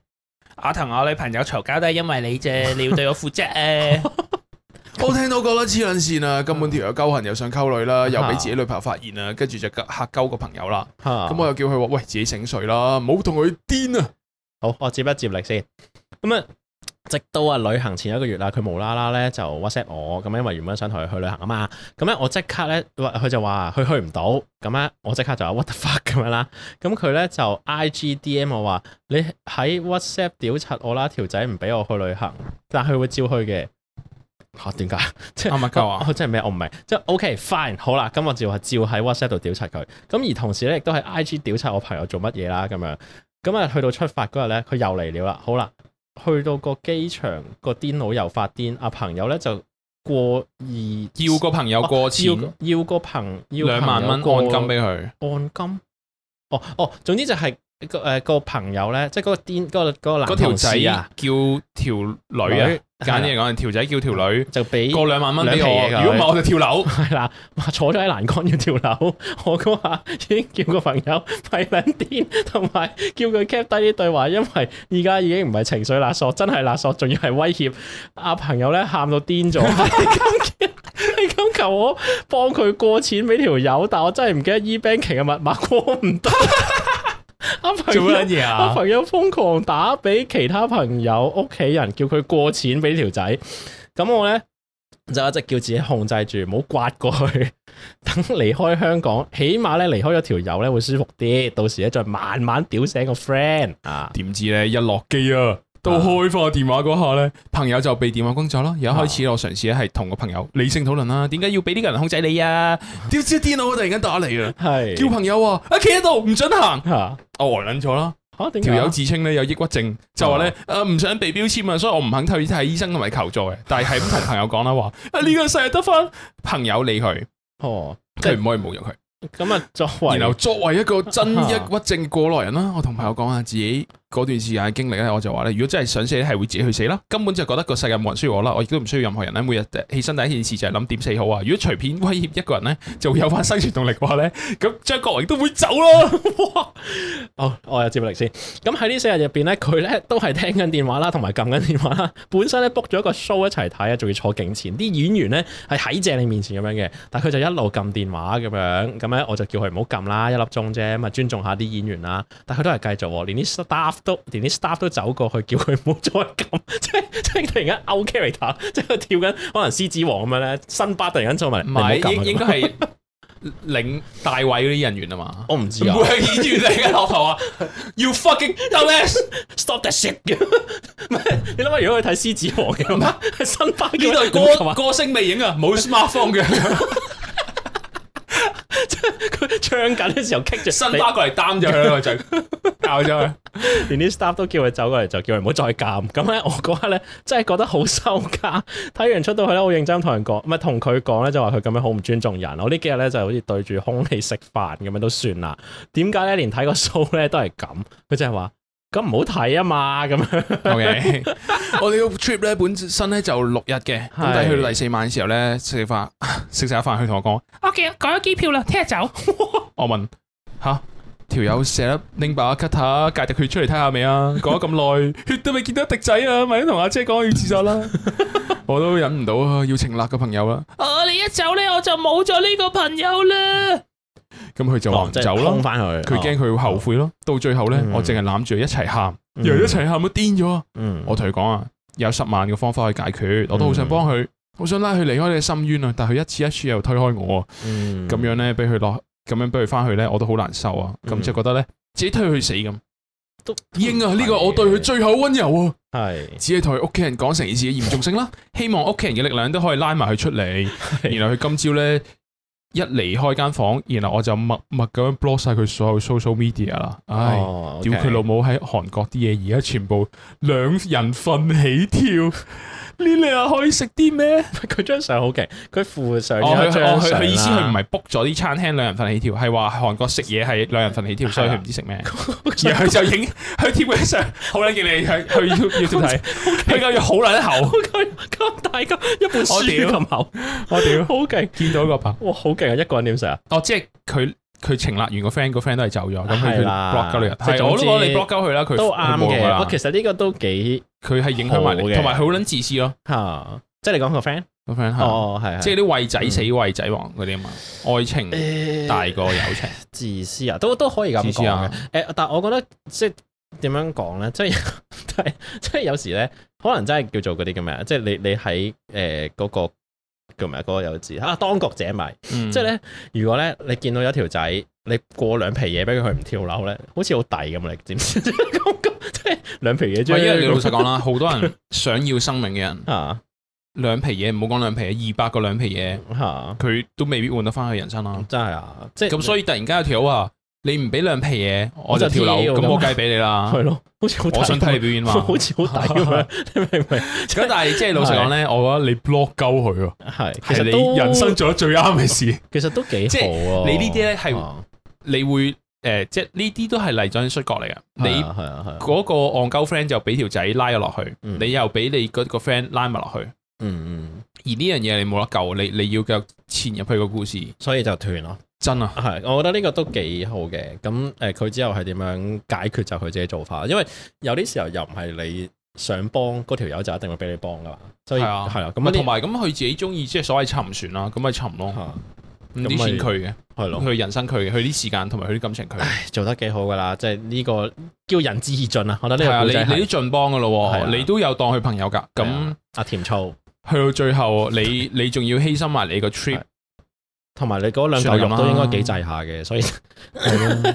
阿騰、啊、我，我女朋友嘈交都係因為你啫，你要對我負責咧。我聽到覺得黐撚線啊，根本條友勾痕又想溝女啦，啊、又俾自己女朋友發現啦，跟住就嚇鳩個朋友啦。咁、啊啊、我又叫佢話喂，自己醒睡啦，唔好同佢癲啊。好，我接不接力先。咁咧。直到啊旅行前一個月啦，佢無啦啦咧就 WhatsApp 我，咁因為原本想同佢去旅行啊嘛，咁咧我即刻咧，佢就話佢去唔到，咁咧我即刻就話 what the fuck 咁樣啦，咁佢咧就 IG DM 我話你喺 WhatsApp 調查我啦，條仔唔俾我去旅行，但係佢會照去嘅，吓點解？即係我唔係我咩？我唔明，即係 OK fine 好啦，咁、嗯、我就係照喺 WhatsApp 度調查佢，咁、嗯、而同時咧亦都係 IG 調查我朋友做乜嘢啦，咁樣，咁、嗯、啊、嗯、去到出發嗰日咧，佢又嚟料啦，好啦。去到個機場個癲佬又發癲，阿朋友咧就過二要個朋友過千、哦，要個朋友要朋友兩萬蚊按金俾佢，按金，哦哦，總之就係個誒個朋友咧，即係嗰個癲、嗰個、嗰個男條仔啊，條叫條女啊。女簡單嚟講，條仔叫條女就俾過兩萬蚊俾我，如果唔係我就跳樓。係啦、啊，坐咗喺欄杆要跳樓，我嗰下已經叫個朋友係癲，同埋叫佢 keep 低啲對話，因為而家已經唔係情緒勒索，真係勒索，仲要係威脅阿朋友咧，喊到癲咗。 (laughs) 你咁求我幫佢過錢俾條友，但我真係唔記得 eBanking 嘅密碼過唔到。 (laughs) 阿、啊、朋友，阿、啊啊、朋友瘋狂打俾其他朋友屋企人，叫佢過錢俾條仔。咁我咧就一直叫自己控制住，唔好刮過去。等離開香港，起碼咧離開咗條友咧會舒服啲。到時咧再慢慢屌醒個 friend 啊！點知咧一落機啊！到開放電話嗰下咧，朋友就被電話工作啦。而家開始我嘗試咧係同個朋友理性討論啦，點解要俾呢個人控制你啊？點知電腦突然間打嚟啊！係是的 叫朋友啊，企喺度唔准行。吓、啊，我呆捻咗啦。吓、啊，條友自稱咧有抑鬱症，就話咧誒唔想被標籤，所以我唔肯退去睇醫生同埋求助嘅。但係咁同朋友講啦，話啊呢、啊這個世日得返朋友理佢，哦、啊，即係唔可以侮辱佢。咁啊，作為然後作為一個真抑鬱症過來人啦，啊、我同朋友講下自己。嗰段時間嘅經歷咧，我就話咧，如果真係想死咧，係會自己去死啦。根本就覺得個世界冇人需要我啦，我亦都唔需要任何人咧。每日起身第一件事就係諗點死好啊。如果隨便威脅一個人咧，就會有翻生存動力嘅話咧，咁張國榮都會走咯。 (laughs) 哦，我有接力嚟先。咁喺呢四日入邊咧，佢咧都係聽緊電話啦，同埋撳緊電話啦。本身咧 book 咗一個 show 一齊睇啊，仲要坐景前啲演員咧係喺正你面前咁樣嘅，但佢就一路撳電話咁樣。咁咧我就叫佢唔好撳啦，一粒鐘啫，咁啊尊重下啲演員啦。但佢都係繼續，連啲連都連啲 staff 都走過去叫佢唔好再咁，即係即係突然間 out character 即係佢跳緊可能獅子王咁樣咧，辛巴突然間出嚟，是應應該係領大位嗰啲人員啊嘛，我唔知啊，唔係演員嚟嘅落駝啊，you fucking ass, Stop shit, stop the shit，嘅。你諗下如果佢睇獅子王嘅話，麼 (laughs) 辛巴呢對歌歌星未影啊，冇 smartphone 嘅。 (laughs) (laughs) 即係佢唱緊嘅時候，棘住 (laughs) 新巴過嚟擔住佢個嘴，教咗佢，連啲 staff 都叫佢走過嚟，就叫佢唔好再監。咁咧，我嗰刻咧，真係覺得好羞家。睇完出到去咧，好認真同人講，唔係同佢講咧，就話佢咁樣好唔尊重人。我呢幾日咧，就好似對住空氣食飯咁樣都算啦。點解咧，連睇個數咧都係咁？佢真係話。咁唔好睇啊嘛，咁樣 Okay. (laughs) O K，我哋個 trip 咧本身咧就六日嘅，咁但係去到第四晚嘅時候咧，食飯食晒下飯，佢同我講：Ok，改咗機票啦，聽日走。 (laughs) 我問：吓條友成日拎把 cutter，戒滴血出嚟睇下未啊？講咗咁耐， (laughs) 血都未見到滴仔啊？咪同阿姐講要自殺啦！ (laughs) 我都忍唔到啊，要情辣嘅朋友啦。我哋、 (laughs) 啊、一走咧，我就冇咗呢個朋友啦。咁佢就唔走咯，佢驚佢會後悔咯。到最後咧，我淨係攬住佢一齊喊，又一齊喊，咪癲咗。我同佢講啊，有十萬嘅方法去解決，我都好想幫佢，好想拉佢離開你嘅深淵啊。但係佢一次一次又推開我，咁樣咧，俾佢落，咁樣俾佢翻去咧，我都好難受啊。咁就係覺得咧，自己推佢去死咁。英啊，呢個我對佢最後溫柔啊，係，只係同佢屋企人講成件事嘅嚴重性啦，希望屋企人嘅力量都可以拉埋佢出嚟，然後佢今朝咧。一離開間房，然後我就默默咁樣 block 曬佢所有 social media 啦。唉，屌佢、oh, okay. 老母喺韓國啲嘢，而家全部兩人瞓起跳。 (laughs) 你哋又可以食啲咩？佢張相好勁，佢附上一張。佢佢意思佢唔係 book 咗啲餐廳，兩人份起跳，係話韓國食嘢係兩人份起跳，所以佢唔知食咩。然後佢就影佢貼喺上，好撚勁！你佢要要睇，佢個要好撚厚，咁大咁一本書咁厚。我屌，好勁！見到個拍。哇，好勁啊！一個人點食啊？哦，即係佢佢情殺完個 friend，個 friend 都係走咗。咁佢佢 block 鳩你，係我都講你 block 鳩佢啦。佢都啱嘅。其實呢個都幾。佢係影響埋你嘅，同埋好撚的自私咯。嚇哈，即係你講個 friend，個 friend 嚇，是哦，係，即係啲為仔死、為、嗯、仔亡嗰啲啊嘛。愛情大過友情，呃、自私啊，都都可以咁講嘅。誒、啊欸，但係我覺得即係點樣講咧，即係即係有，有時咧，可能真係叫做嗰啲、那個、叫咩啊？即係你你喺誒嗰個叫咩啊？嗰個幼稚嚇當局者迷。嗯、即係咧，如果咧你見到有條仔，你過兩皮嘢俾佢佢唔跳樓咧，好似好大咁你知唔知？ (laughs) 兩皮嘢啫，老實講啦，好多人想要生命嘅人，兩皮嘢唔好講兩皮嘢，二百個兩皮嘢，佢都未必換得翻去人生啦。真係啊，即係咁，所以突然間有條話，你唔俾兩皮嘢，我就跳樓。咁我計俾你啦，係咯，好似我想睇你表演嘛，好似好抵咁樣，你明唔明？咁但係即係老實講咧，我覺得你 block 鳩佢，係其實你人生做得最啱嘅事，其實都幾好。你呢啲咧係你會。誒，即係呢啲都係嚟咗啲三角嚟噶，啊啊啊、你嗰個戇鳩 friend 就俾條仔拉咗落去，嗯、你又俾你個 friend 拉埋落去，嗯，嗯，而呢樣嘢你冇得救，你你要佢潛入去個故事，所以就斷咯，真啊的。係，我覺得呢個都幾好嘅。咁誒，佢、呃、之後係點樣解決就佢自己做法，因為有啲時候又唔係你想幫嗰條友就一定會俾你幫噶嘛。所以係啊，咁同埋咁佢自己中意即係所謂沉船啦，咁咪沉咯。咁串佢嘅，係咯，佢人生佢嘅，佢啲時間同埋佢啲感情佢。唉，做得幾好噶啦，即係呢個叫仁至義盡啊。我覺得呢個係。啊，你你都盡幫噶啦，你都有當佢朋友噶。咁阿甜醋，去到最後，你你仲要犧牲埋你個 trip，同埋你嗰兩嚿肉啦。應該幾濟下嘅，所以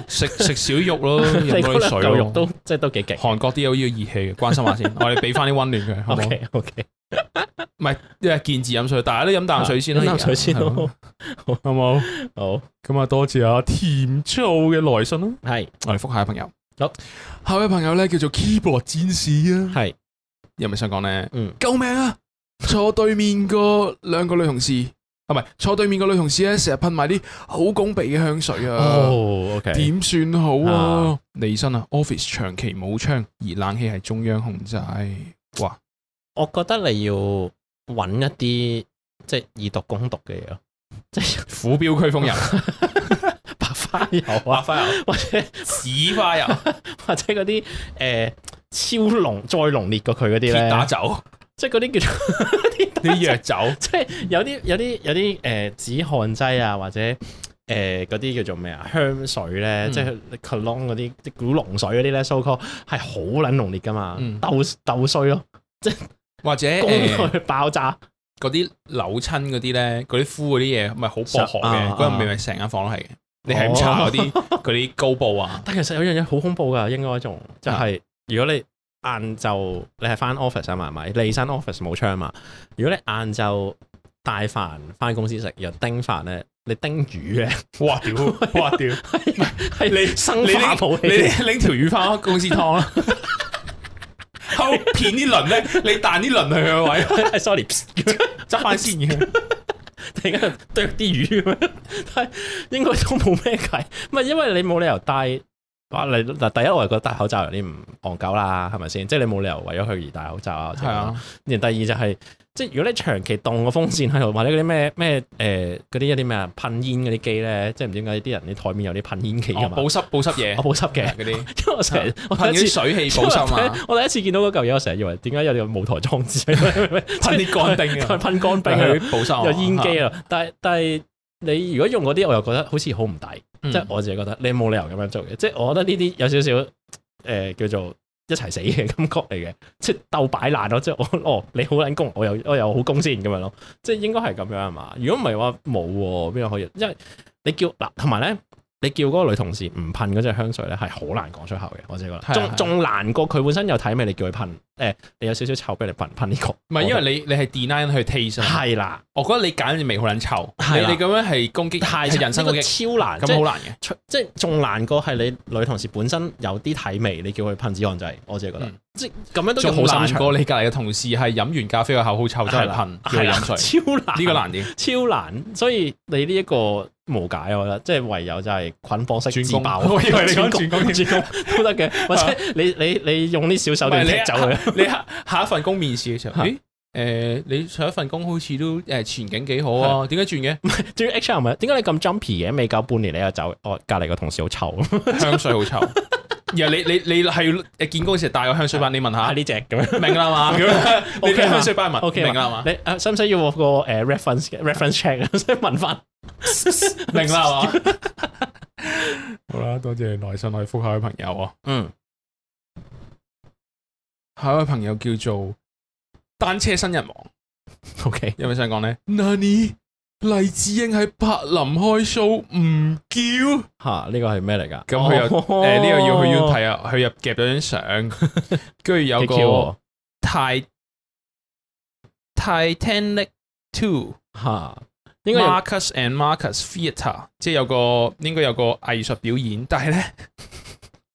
食食少肉咯，飲多啲水咯。肉都即係都幾勁。韓國啲有依個熱氣，關心下先。我哋俾翻啲溫暖佢。OK OK。唔係，一係見字飲水，大家都飲啖水先啦。飲水先咯，好唔好？好，咁啊，多謝阿甜醋嘅來信啦。係，我哋覆下朋友。好，下位朋友咧叫做 Keyboard 戰士啊。係，有咩想講咧？嗯，救命啊！坐對面個兩個女同事，係咪？坐對面個女同事咧，成日噴埋啲好拱鼻嘅香水啊。哦，OK，點算好啊？離身啊，office 長期冇窗，熱冷氣係中央控制。哇！我覺得你要揾一啲即係以毒攻毒嘅嘢、啊，即係虎標驅風油、啊、白花油、白者花油，或者屎花油，或者嗰啲誒超濃再濃烈過佢嗰啲咧跌打酒，即係嗰啲叫做啲藥 (laughs) 酒，即係有啲有啲有啲誒、呃、止汗劑啊，或者誒嗰啲叫做咩啊香水咧、嗯，即係 cologne 嗰啲即古龍水嗰啲咧，so called 係好捻濃烈噶嘛，鬥鬥衰咯，即係。或者爆炸嗰啲扭親嗰啲咧，嗰啲敷嗰啲嘢，咪好科學嘅，嗰個明明成間房都係嘅。你係唔擦嗰啲啲高布啊？但其實有樣嘢好恐怖噶，應該仲就係，如果你晏晝你係翻 office 啊嘛，咪利山 office 冇窗啊嘛。如果你晏晝帶飯翻公司食，又叮飯咧，你叮魚咧，哇屌，哇屌，係你生你拎你拎條魚翻公司劏啦。偷片啲輪呢，你彈啲輪去佢位，sorry，執翻線嘅，突然間對啲魚咁樣，應該都冇咩計，唔係因為你冇理由帶。哇！嚟嗱，第一我係覺得戴口罩有啲唔戇鳩啦，係咪先？即係你冇理由為咗佢而戴口罩是啊！係啊。然第二就係、是，即係如果你長期凍個風扇喺度，或者嗰啲咩咩誒嗰啲一啲咩啊噴煙嗰啲機咧，即係唔知點解啲人啲台面有啲噴煙機啊嘛。哦、保濕保濕嘢， (laughs) 我保濕嘅嗰啲。我成日噴啲水氣保濕啊！我 (laughs) 第一次見到嗰嚿嘢，我成日以為點解有啲舞台裝置，噴啲乾冰嘅，噴乾 (laughs) 冰去保濕， (laughs) 有煙機啊！但係但係。你如果用嗰啲，我又覺得好似好唔抵，即係我自己覺得，你冇理由咁樣做嘅。即係我覺得呢啲有少少誒叫做一齊死嘅感覺嚟嘅，即係鬥擺爛咯。即係我哦，你好捻攻，我又我又好攻先咁樣咯。即係應該係咁樣係嘛？如果唔係話冇邊個可以，因為你叫嗱，同埋咧你叫嗰個女同事唔噴嗰隻香水咧，係好難講出口嘅。我自己覺得，仲仲難過佢本身有體味，你叫佢噴。誒，你有少少臭，不如你噴噴呢個。唔係因為你你係 design 去 taste，係啦。我覺得你揀味好撚臭，你你咁樣係攻擊人生嘅，超難咁好難嘅，即係仲難過係你女同事本身有啲體味，你叫佢噴止汗劑。就我只係覺得，即咁樣都好難過你隔離嘅同事係飲完咖啡個口好臭，真係噴嚟飲水，超難呢個難點，超難。所以你呢一個無解，我覺得即係唯有就係捆火式自爆，我以為你講轉工轉工都得嘅，或者你你你用啲小手段走佢。你下下一份工面試嘅時候，誒、啊欸，你上一份工好似都誒前景幾好啊？點解轉嘅？轉 HR 唔係？點解你咁 jumpy 嘅？未夠半年你又走？我隔籬個同事好臭，香水好臭。然後 (laughs) 你你你係見工時帶個香水包，你問下呢隻咁樣明啦嘛？OK，香水包問，OK 明啦嘛？你使唔使要我個誒 reference reference check？想問翻，明啦嘛？好啦，多謝來信來複下位朋友啊，嗯。下一位朋友叫做單車新人王，OK，有咩想講咧？Nanny 黎智英喺柏林開 show 唔叫？吓，呢個係咩嚟㗎？咁佢又，誒呢、哦呃呢個要去要睇啊，佢又夾咗張相，跟 (laughs) 住有個有泰泰坦尼克 Two 嚇，應該 Marcus and Marcus Theatre，即係有個應該有個藝術表演，但係咧。 (laughs)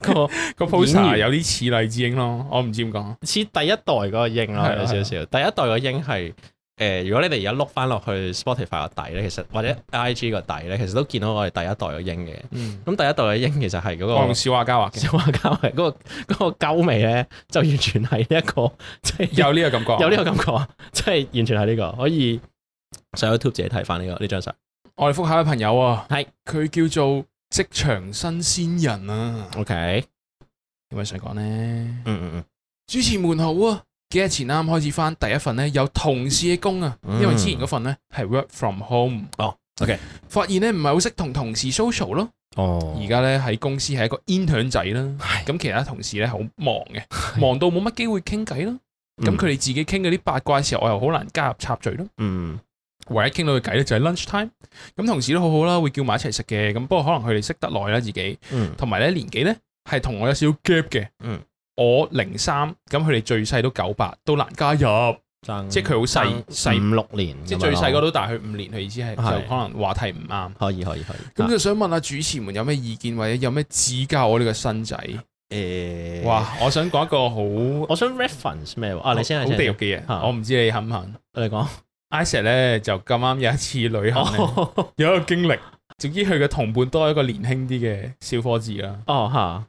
個個 (laughs) poster 有啲似荔枝鷹咯，我唔知點講，似第一代嗰個鷹咯，有少少。第一代個鷹係誒，如果你哋而家碌 o 翻落去 Spotify 個底咧，其實或者 IG 個底咧，其實都見到我哋第一代個鷹嘅。咁、嗯、第一代嘅鷹其實係嗰、嗰個小畫家畫嘅，小畫家係嗰個嗰、嗰個鳩味咧，就完全係一個即係、就是、有呢個,、啊、個感覺，有呢個感覺，即係完全係呢、呢個，可以上 YouTube 自己睇翻呢個呢張相。呢個呢個、我哋覆下位朋友啊，係佢的叫做。職場新鮮人啊，OK，有咩想講呢？嗯嗯嗯，hmm. 主持們好啊！幾日前啱開始返第一份咧，有同事嘅工啊，mm hmm. 因為之前嗰份咧係 work from home 哦、oh,，OK，發現咧唔係好識同同事 social 咯、啊，哦，而家咧喺公司係一個 intern 仔啦，咁、oh. 其他同事咧好忙嘅， (laughs) 忙到冇乜機會傾偈咯，咁佢哋自己傾嗰啲八卦時候，我又好難加入插嘴咯，嗯、mm。Hmm. 唯一傾到嘅偈咧就係 lunch time，咁同事都好好啦，會叫埋一齊食嘅。咁不過可能佢哋識得耐啦，自己，同埋咧年紀咧係同我有少少 gap 嘅。嗯，我零三，咁佢哋最細都九八，都難加入。即係佢好細，細五六年，即係最細個都大佢五年。佢意思係就可能話題唔啱。可以可以可以。咁就想問下主持們有咩意見，或者有咩指教我呢個新仔？誒，哇！我想講一個好，我想 reference 咩啊，你先係好地獄嘅嘢，我唔知你肯唔肯。我哋講。Iser 咧就咁啱有一次旅行，有一個經歷，總之佢嘅同伴都係一個年輕啲嘅小伙子啦。哦，吓？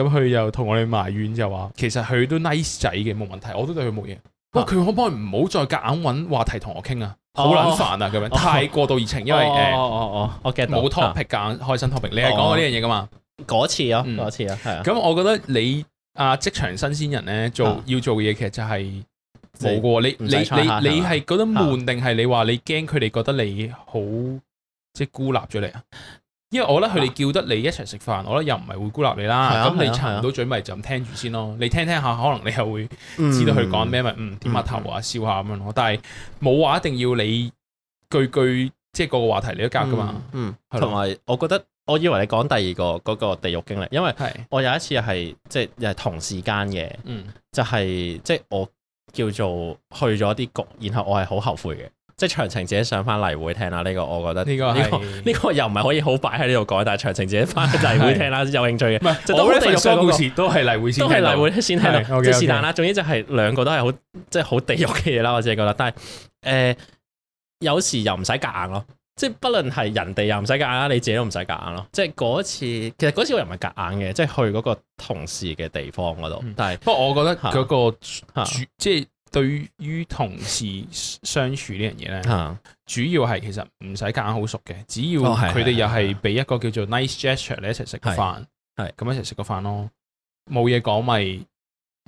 咁佢又同我哋埋怨就話，其實佢都 nice 仔嘅，冇問題，我都對佢冇嘢。哇！佢可唔可以唔好再夾硬揾話題同我傾啊？好撚煩啊！咁樣太過度熱情，因為我覺得冇 topic 噶，開心 topic。你係講過呢樣嘢噶嘛？嗰次咯，嗰次咯，係啊。咁我覺得你啊，職場新鮮人咧，做要做嘢其實就係。冇嘅喎，你你你你係覺得悶定係你話你驚佢哋覺得你好即係孤立咗你啊？因為我覺得佢哋叫得你一齊食飯，我覺得又唔係會孤立你啦。咁你插唔到嘴咪就咁聽住先咯。你聽聽下，可能你又會知道佢講咩，咪嗯點下頭啊，笑下咁樣咯。但係冇話一定要你句句即係個個話題你都夾噶嘛。嗯，同埋我覺得我以為你講第二個嗰個地獄經歷，因為我有一次係即係又係同時間嘅，就係即係我。叫做去咗啲局，然後我係好後悔嘅，即係長情自己上翻例會聽啦。呢、呢個我覺得呢個呢、呢個呢個又唔係可以好擺喺呢度講。但係長情自己翻例會聽啦，的有興趣嘅。唔係是，就都地獄、那個、故事，都係例會，都係例會先係，先 okay, okay. 即係是但啦。總之就係兩個都係好即係好地獄嘅嘢啦，我自己覺得，但係誒、呃、有時又唔使夾硬咯。即係，不論係人哋又唔使夾硬，你自己都唔使夾硬咯。即係嗰次，其實嗰次我又唔係夾硬嘅，嗯、即係去嗰個同事嘅地方嗰度。但係、嗯，不過我覺得嗰個主，啊、即係對於同事相處呢樣嘢咧，啊、主要係其實唔使夾硬好熟嘅，只要佢哋又係俾一個叫做 nice gesture，你一齊食飯，係咁、啊、一齊食個飯咯，冇嘢講咪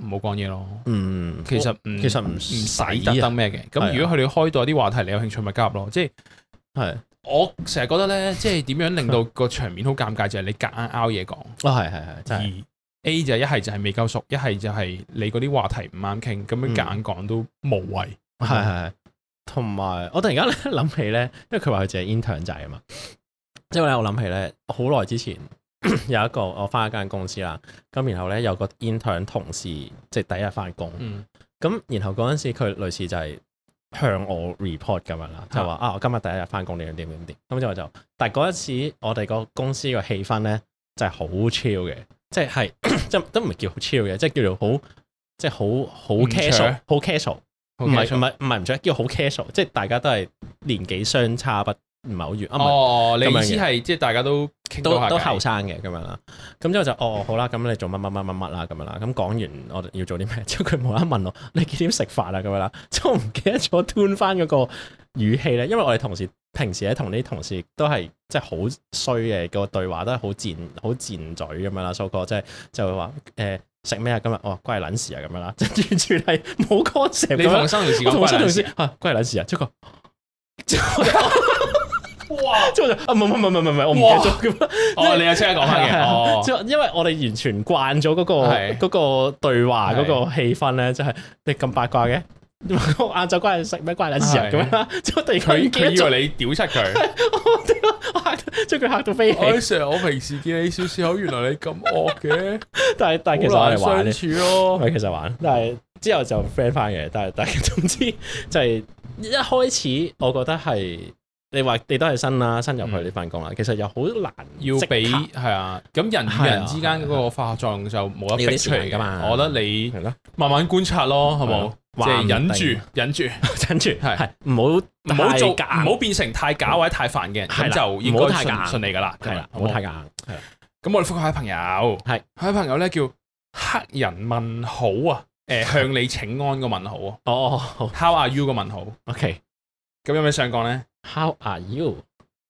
唔好講嘢咯。嗯其，其實唔其實唔使等咩嘅。咁如果佢哋開到有啲話題，你有興趣咪夾咯，即係。係，我成日覺得咧，即係點樣令到個場面好尷尬，就係、是、你夾硬拗嘢講。啊、哦，係係係，而 A 就一係就係未夠熟，一係就係你嗰啲話題唔啱傾，咁樣夾硬講都無謂。係係、嗯，同埋、嗯、我突然間咧諗起咧，因為佢話佢淨係 intern 仔啊嘛。嗯、因為咧我諗起咧，好耐之前 (laughs) 有一個我翻一間公司啦，咁然後咧有個 intern 同事，即、就、係、是、第一日翻工，咁、嗯、然後嗰陣時佢類似就係、是。向我 report 咁樣啦，嗯、就話啊，我今日第一日返工點點點點，咁之後就，但係嗰一次我哋個公司個氣氛咧，就係好 chill 嘅，即係即係都唔係叫好 chill 嘅，即係叫做好即係好好 casual，確好 casual，唔係唔係唔係唔着，叫好 casual，即係大家都係年紀相差不唔係好遠啊，遠哦，你意思係即係大家都。都都後生嘅咁樣啦，咁之後就哦好啦，咁你做乜乜乜乜乜啦咁樣啦，咁講完我哋要做啲咩？之後佢冇啦問我，你幾點食飯啊咁樣啦？之後我唔記得咗 turn 翻嗰個語氣咧，因為我哋同事平時咧同啲同事都係即係好衰嘅，個對話都係好賤好賤嘴咁樣啦。蘇哥即係就會話誒食咩啊今日？哦乖撚事啊咁樣啦，即係完全係冇 concept。你放生以前個乖撚事啊，乖撚事啊，之後哇！即係啊，唔唔唔唔唔唔，我唔記得咁。哦，你有即刻講翻嘅。即係因為我哋完全慣咗嗰個嗰個對話嗰個氣氛咧，即係你咁八卦嘅，晏晝關你食咩關你事啊？咁樣，即係突然佢佢以為你屌柒佢，我吓佢吓到飛起。我平時見你笑笑口，原來你咁惡嘅。但係但係其實我哋玩咯，係其實玩。但係之後就 friend 翻嘅，但係但係總之就係一開始我覺得係。你話地都係新啦，新入去你翻工啦，其實又好難要俾係啊。咁人與人之間嗰個化學作用就冇得逼出嚟噶嘛。我覺得你慢慢觀察咯，好冇？即係忍住，忍住，忍住，係係，唔好唔好做假，唔好變成太假或者太煩嘅人，咁就應該順順你噶啦，係啦，唔好太硬。係咁，我哋覆下啲朋友，係，啲朋友咧叫黑人問好啊，誒，向你請安個問號啊。哦，How are you 個問號。OK，咁有咩想講咧？How are you？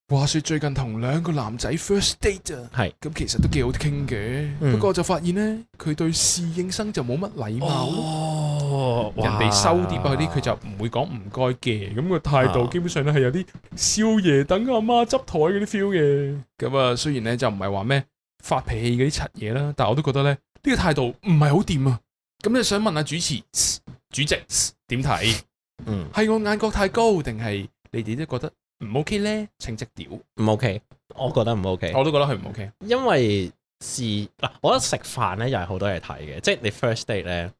話說最近同兩個男仔 first date 咋係咁？是其實都幾好傾嘅，不過、嗯、就發現咧，佢對侍應生就冇乜禮貌。哦，人哋收碟嗰啲，佢就唔會講唔該嘅。咁、那個態度基本上咧係有啲少爺等阿媽執台嗰啲 feel 嘅。咁啊，雖然咧就唔係話咩發脾氣嗰啲柒嘢啦，但係我都覺得咧呢、這個態度唔係好掂啊。咁你想問下主持嘯主席點睇？嗯，係我眼角太高定係？你哋都覺得唔 OK 咧？稱職屌唔 OK？我覺得唔 OK。我都覺得佢唔 OK。因為試嗱，我覺得食飯咧又係好多嘢睇嘅，即係你 first date 咧，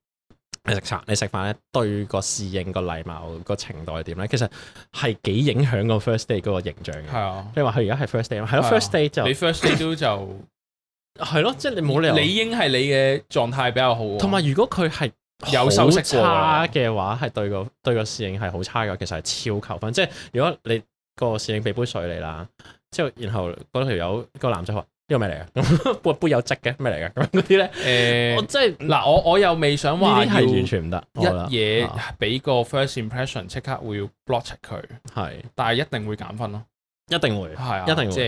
你食茶，你食飯咧，對個侍應個禮貌個程度係點咧，其實係幾影響個 first date 嗰個形象嘅。係啊，你話佢而家係 first date 啊嘛，first date 就你 first date 都就係咯， (laughs) 即係你冇理由理應係你嘅狀態比較好、啊。同埋如果佢係。有手食差嘅話，係對個對個侍應係好差嘅，其實係超扣分。即係如果你個侍應俾杯水你啦，之後然後嗰條友個男仔話：呢個咩嚟嘅？杯杯有跡嘅咩嚟嘅？咁嗰啲咧，誒，即係嗱，我我又未想話呢完全唔得一嘢，俾個 first impression 即刻會 block 佢，係，但係一定會減分咯，一定會係啊，一定即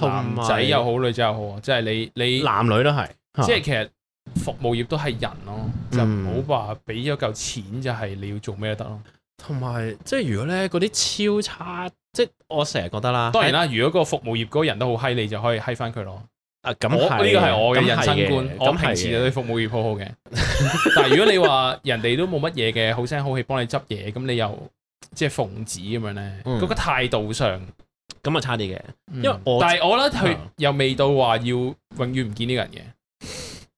係男仔又好，女仔又好即係你你男女都係，即係其實。服務業都係人咯，就唔好話俾咗夠錢就係你要做咩得咯。同埋即係如果咧嗰啲超差，即係我成日覺得啦。當然啦，如果個服務業嗰人都好嗨，你就可以嗨返佢咯。啊，咁呢個係我嘅人生觀。我平時就對服務業好好嘅。但係如果你話人哋都冇乜嘢嘅，好聲好氣幫你執嘢，咁你又即係奉旨咁樣咧，嗰個態度上咁啊差啲嘅。因為但係我覺得佢又未到話要永遠唔見呢個人嘅。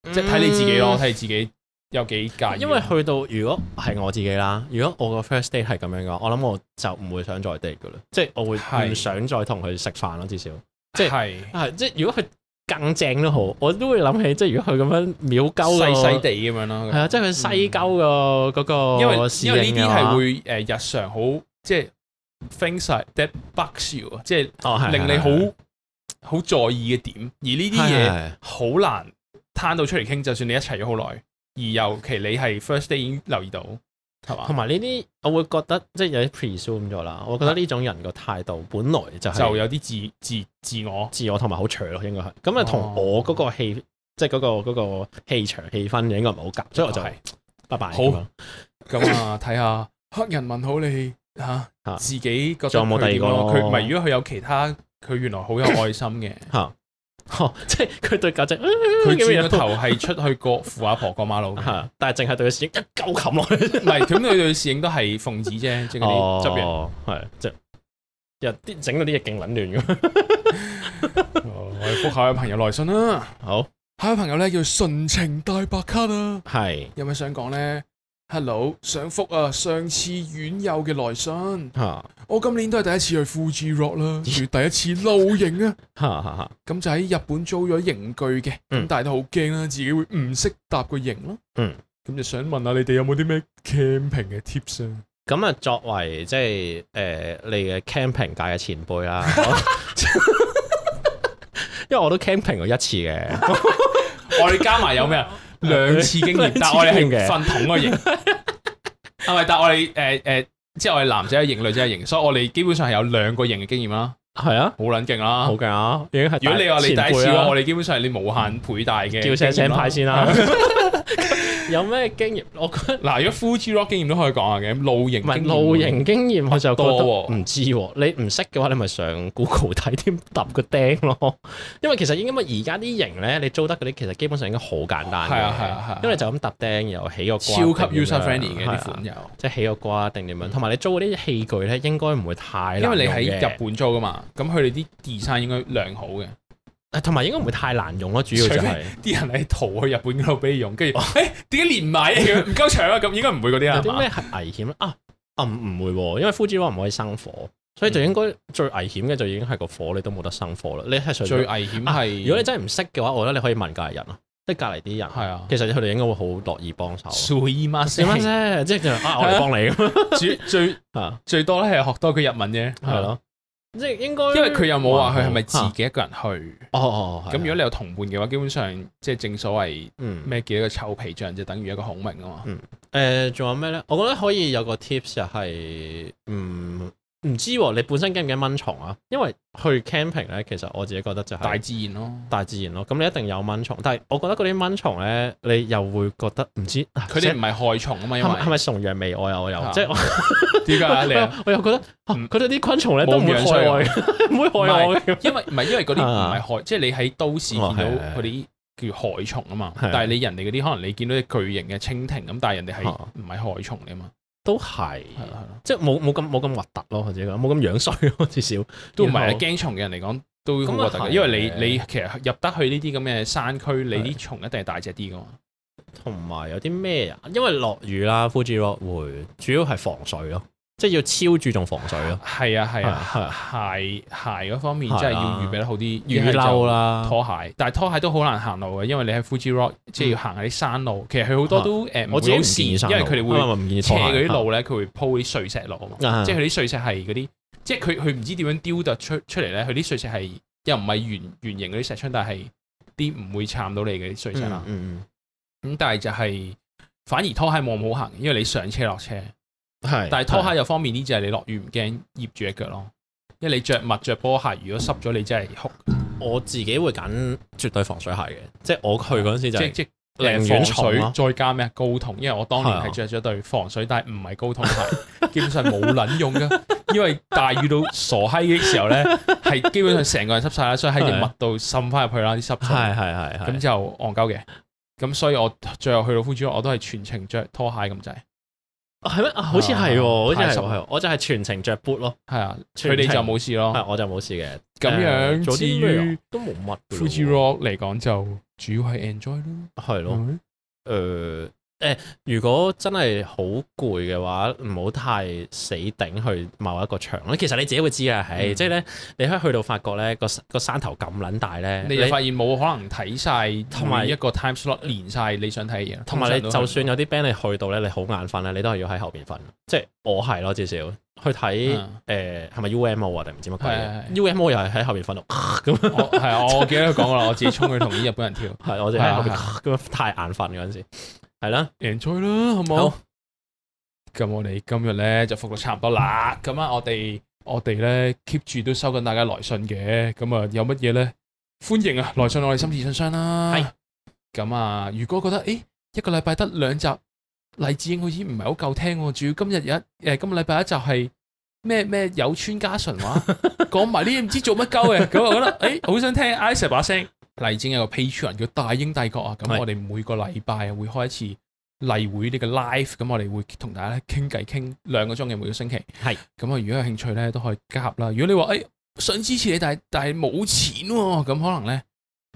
即係睇你自己咯，睇、嗯、你自己有幾介。因為去到如果係我自己啦，如果我個 first date 係咁樣嘅話，我諗我就唔會想再 date 噶啦。即係我會唔想再同佢食飯咯，至少是即係係是即係如果佢更正都好，我都會諗起即係如果佢咁樣秒鳩細細地咁樣咯。係啊、嗯，即係佢西鳩個嗰個，因為因為呢啲係會誒日常好即係 things that bugs you，即係令你好好在意嘅點，而呢啲嘢好難。攤到出嚟傾，就算你一齊咗好耐，而尤其你係 first day 已經留意到，係嘛？同埋呢啲，我會覺得即係有啲 presume 咗啦。我覺得呢種人個態度本來就就有啲自自自我、自我，同埋好脆咯，應該係。咁啊，同我嗰個氣，即係嗰個嗰個氣場、氣氛，應該唔係好夾。所以我就係，拜拜。好，咁啊，睇下黑人問好你吓，自己個仲有冇第二個？佢唔係，如果佢有其他，佢原來好有愛心嘅吓。即係佢對狗仔，佢轉個頭係出去過扶阿婆過馬路，但係淨係對佢攝影一嚿擒落去。唔係，咁佢對攝影都係奉旨啫，即係嗰啲職員，係即係啲整到啲嘢勁混亂嘅。我哋覆下位朋友來信啦，好，下位朋友咧叫純情大白卡啦，係有咩想講咧？Hello，想覆啊，上次遠友嘅來信。我今年都係第一次去 Fujirock 啦，亦第一次露營啊！咁 (laughs) 就喺日本租咗營具嘅，咁、嗯、但係都好驚啊，自己會唔識搭個營咯。咁、嗯、就想問下你哋有冇啲咩 camping 嘅 tips 啊？咁啊，作為即係誒你嘅 camping 界嘅前輩啊， (laughs) (laughs) 因為我都 camping 過一次嘅。 (laughs) (laughs) 我哋加埋有咩啊？ (laughs) 兩次經驗，經驗但我哋係瞓同一個營，係咪？但我哋誒誒。呃呃即係我哋男仔一型，女仔一型，所以我哋基本上係有兩個型嘅經驗、啊、啦。係啊，好撚勁啦，好勁啊！如果係，如果你話你第一次，我哋基本上係你無限倍大嘅。叫聲請牌先啦。 (laughs) (laughs) 有咩經驗？我覺得嗱，如果 Fuji Rock 經驗都可以講下嘅露營，露營經驗，經驗我就覺得唔知。啊、你唔識嘅話，你咪上 Google 睇添，揼個釘咯。 (laughs) 因為其實應該乜而家啲營咧，你租得嗰啲其實基本上應該好簡單嘅，哦啊啊啊、因為就咁揼釘然後起個。超級 user friendly 嘅款有，即係、啊就是、起個瓜定點樣？同埋、嗯、你租嗰啲器具咧，應該唔會太難用嘅。因為你喺日本租噶嘛，咁佢哋啲 design 應該良好嘅。同埋應該唔會太難用咯，主要就係啲人喺逃去日本嗰度俾你用，跟住誒點解連埋唔夠長啊？咁應該唔會嗰啲係有啲咩係危險咧？啊啊唔會，因為富士瓦唔可以生火，所以就應該最危險嘅就已經係個火，你都冇得生火啦。你係最危險係，如果你真係唔識嘅話，我覺得你可以問隔籬人咯，即係隔籬啲人係啊。其實佢哋應該會好樂意幫手。點啊啫？即係啊，我嚟幫你主最最啊，最多咧係學多句日文啫，係咯。即係應該，因為佢又冇話佢係咪自己一個人去。哦哦、啊，咁、啊啊啊、如果你有同伴嘅話，基本上即係正所謂咩叫一個臭皮匠，嗯、就等於一個孔明啊嘛嗯。嗯，誒、呃，仲有咩咧？我覺得可以有個 tips 就係，嗯。唔知你本身驚唔驚蚊蟲啊？因為去 camping 咧，其實我自己覺得就係大自然咯，大自然咯。咁你一定有蚊蟲，但係我覺得嗰啲蚊蟲咧，你又會覺得唔知，佢哋唔係害蟲啊嘛？係咪係咪崇洋媚外？我又我又即係點解你我又覺得佢哋啲昆蟲咧都唔會害我，唔會害我。因為唔係因為嗰啲唔係害，即係你喺都市見到嗰啲叫害蟲啊嘛。但係你人哋嗰啲可能你見到啲巨型嘅蜻蜓咁，但係人哋係唔係害蟲啊嘛。都係，係係咯，即係冇冇咁冇咁核突咯，或者講冇咁樣衰咯，至少蟲都唔係啊。驚蟲嘅人嚟講，都好核突，因為你的你其實入得去呢啲咁嘅山區，的你啲蟲一定係大隻啲噶嘛。同埋有啲咩啊？因為落雨啦，full gear 咯，會主要係防水咯。即係要超注重防水咯。係啊，係啊，鞋鞋嗰方面，即係要預備得好啲雨褸啦、啊、拖鞋。但係拖鞋都好難行路嘅，因為你喺 Fuji Rock 即係要行下啲山路。其實佢好多都誒、啊，我有試，因為佢哋會、啊、見斜嗰啲路咧，佢會鋪啲碎石落，啊、即係佢啲碎石係嗰啲，啊、即係佢佢唔知點樣雕突出出嚟咧。佢啲碎石係又唔係圓圓形嗰啲石春，但係啲唔會撐到你嘅啲碎石啦。咁、嗯嗯、但係就係反而拖鞋冇咁好行，因為你上車落車。係，但係拖鞋又方便呢？只係你落雨唔驚，淹住隻腳咯。因為你着襪着波鞋，如果濕咗，你真係哭。我自己會揀絕對防水鞋嘅，即係我去嗰陣時就靚防水，再加咩高筒。因為我當年係着咗對防水，但係唔係高筒鞋，基本上冇撚用噶。因為大雨到傻閪嘅時候咧，係基本上成個人濕晒啦，所以喺啲襪度滲翻入去啦，啲濕係係係，咁就戇鳩嘅。咁所以我最後去到非洲，我都係全程着拖鞋咁滯。係咩、啊啊？好似係，我就係全程着 boot 咯。係啊，佢哋就冇事咯。係，我就冇事嘅。咁樣，呃、至於都冇乜。Fuji Rock 嚟講就主要係 enjoy 咯。係咯，誒、嗯。呃誒，如果真係好攰嘅話，唔好太死頂去某一個場咯。其實你自己會知嘅，唉，即係咧，你可以去到發覺咧，個個山頭咁撚大咧，你就發現冇可能睇晒，同埋一個 time slot 連晒你想睇嘅嘢。同埋你就算有啲 band 你去到咧，你好眼瞓咧，你都係要喺後邊瞓。即係我係咯，至少去睇誒，係咪 UMO 啊？定唔知乜鬼 UMO 又係喺後邊瞓度咁，係啊！我記得講噶啦，我自己衝去同啲日本人跳，係我真係咁太眼瞓嗰陣時。係啦，Enjoy 啦，好冇？咁好我哋今日咧就覆到差唔多啦。咁啊，我哋我哋咧 keep 住都收緊大家來信嘅。咁啊，有乜嘢咧？歡迎啊，來信我哋心事信箱啦。咁啊是，如果覺得誒、欸、一個禮拜得兩集，黎智英好似唔係好夠聽、啊。主要今日一誒、呃、今個禮拜一集係咩咩有村家純話講埋呢啲唔知做乜鳩嘅。咁、 (laughs) 欸、啊，覺得誒好想聽 Ice 把聲。例如有一個 Patreon 叫大鷹帝國啊，咁我哋每個禮拜會開一次例會呢個 live，咁我哋會同大家傾偈傾兩個鐘嘅每個星期，係是。咁啊，如果有興趣咧都可以加入啦。如果你話誒想支持你，但係但係冇錢喎、啊，咁可能咧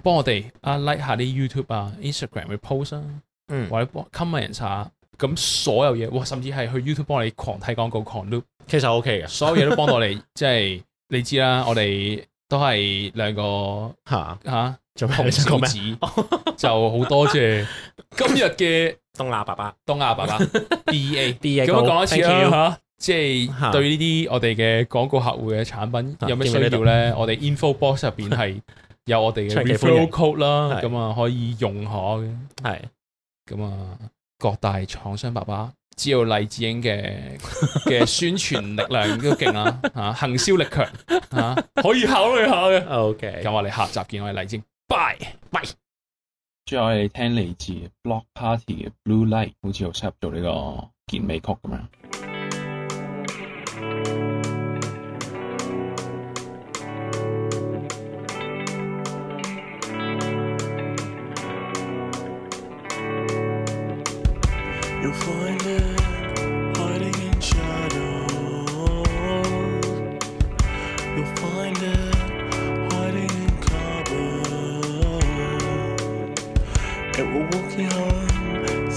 幫我哋啊 like 下啲 YouTube 啊、Instagram 會 post 啊，嗯、或者 comment 下，咁所有嘢哇，甚至係去 YouTube 幫你狂睇廣告、狂 loop，其實 OK 嘅，所有嘢都幫到你，即係、 (laughs) 就是、你知啦，我哋都係兩個嚇嚇。啊做咩？你做咩？就好多謝今日嘅東亞爸爸，東亞爸爸，B A B A，咁我講一次啦。即係對呢啲我哋嘅廣告客戶嘅產品有咩需要咧？我哋 info box 入邊係有我哋嘅 referral code 啦，咁啊可以用下嘅。係咁啊，各大廠商爸爸，知道黎智英嘅嘅宣傳力量都勁啊，吓行銷力強吓，可以考慮下嘅。OK，咁我哋下集見我哋黎智英。喂，喂，最後我哋聽嚟自 Bloc Party 嘅《Blue Light》，好似又適合做呢個結尾曲咁樣。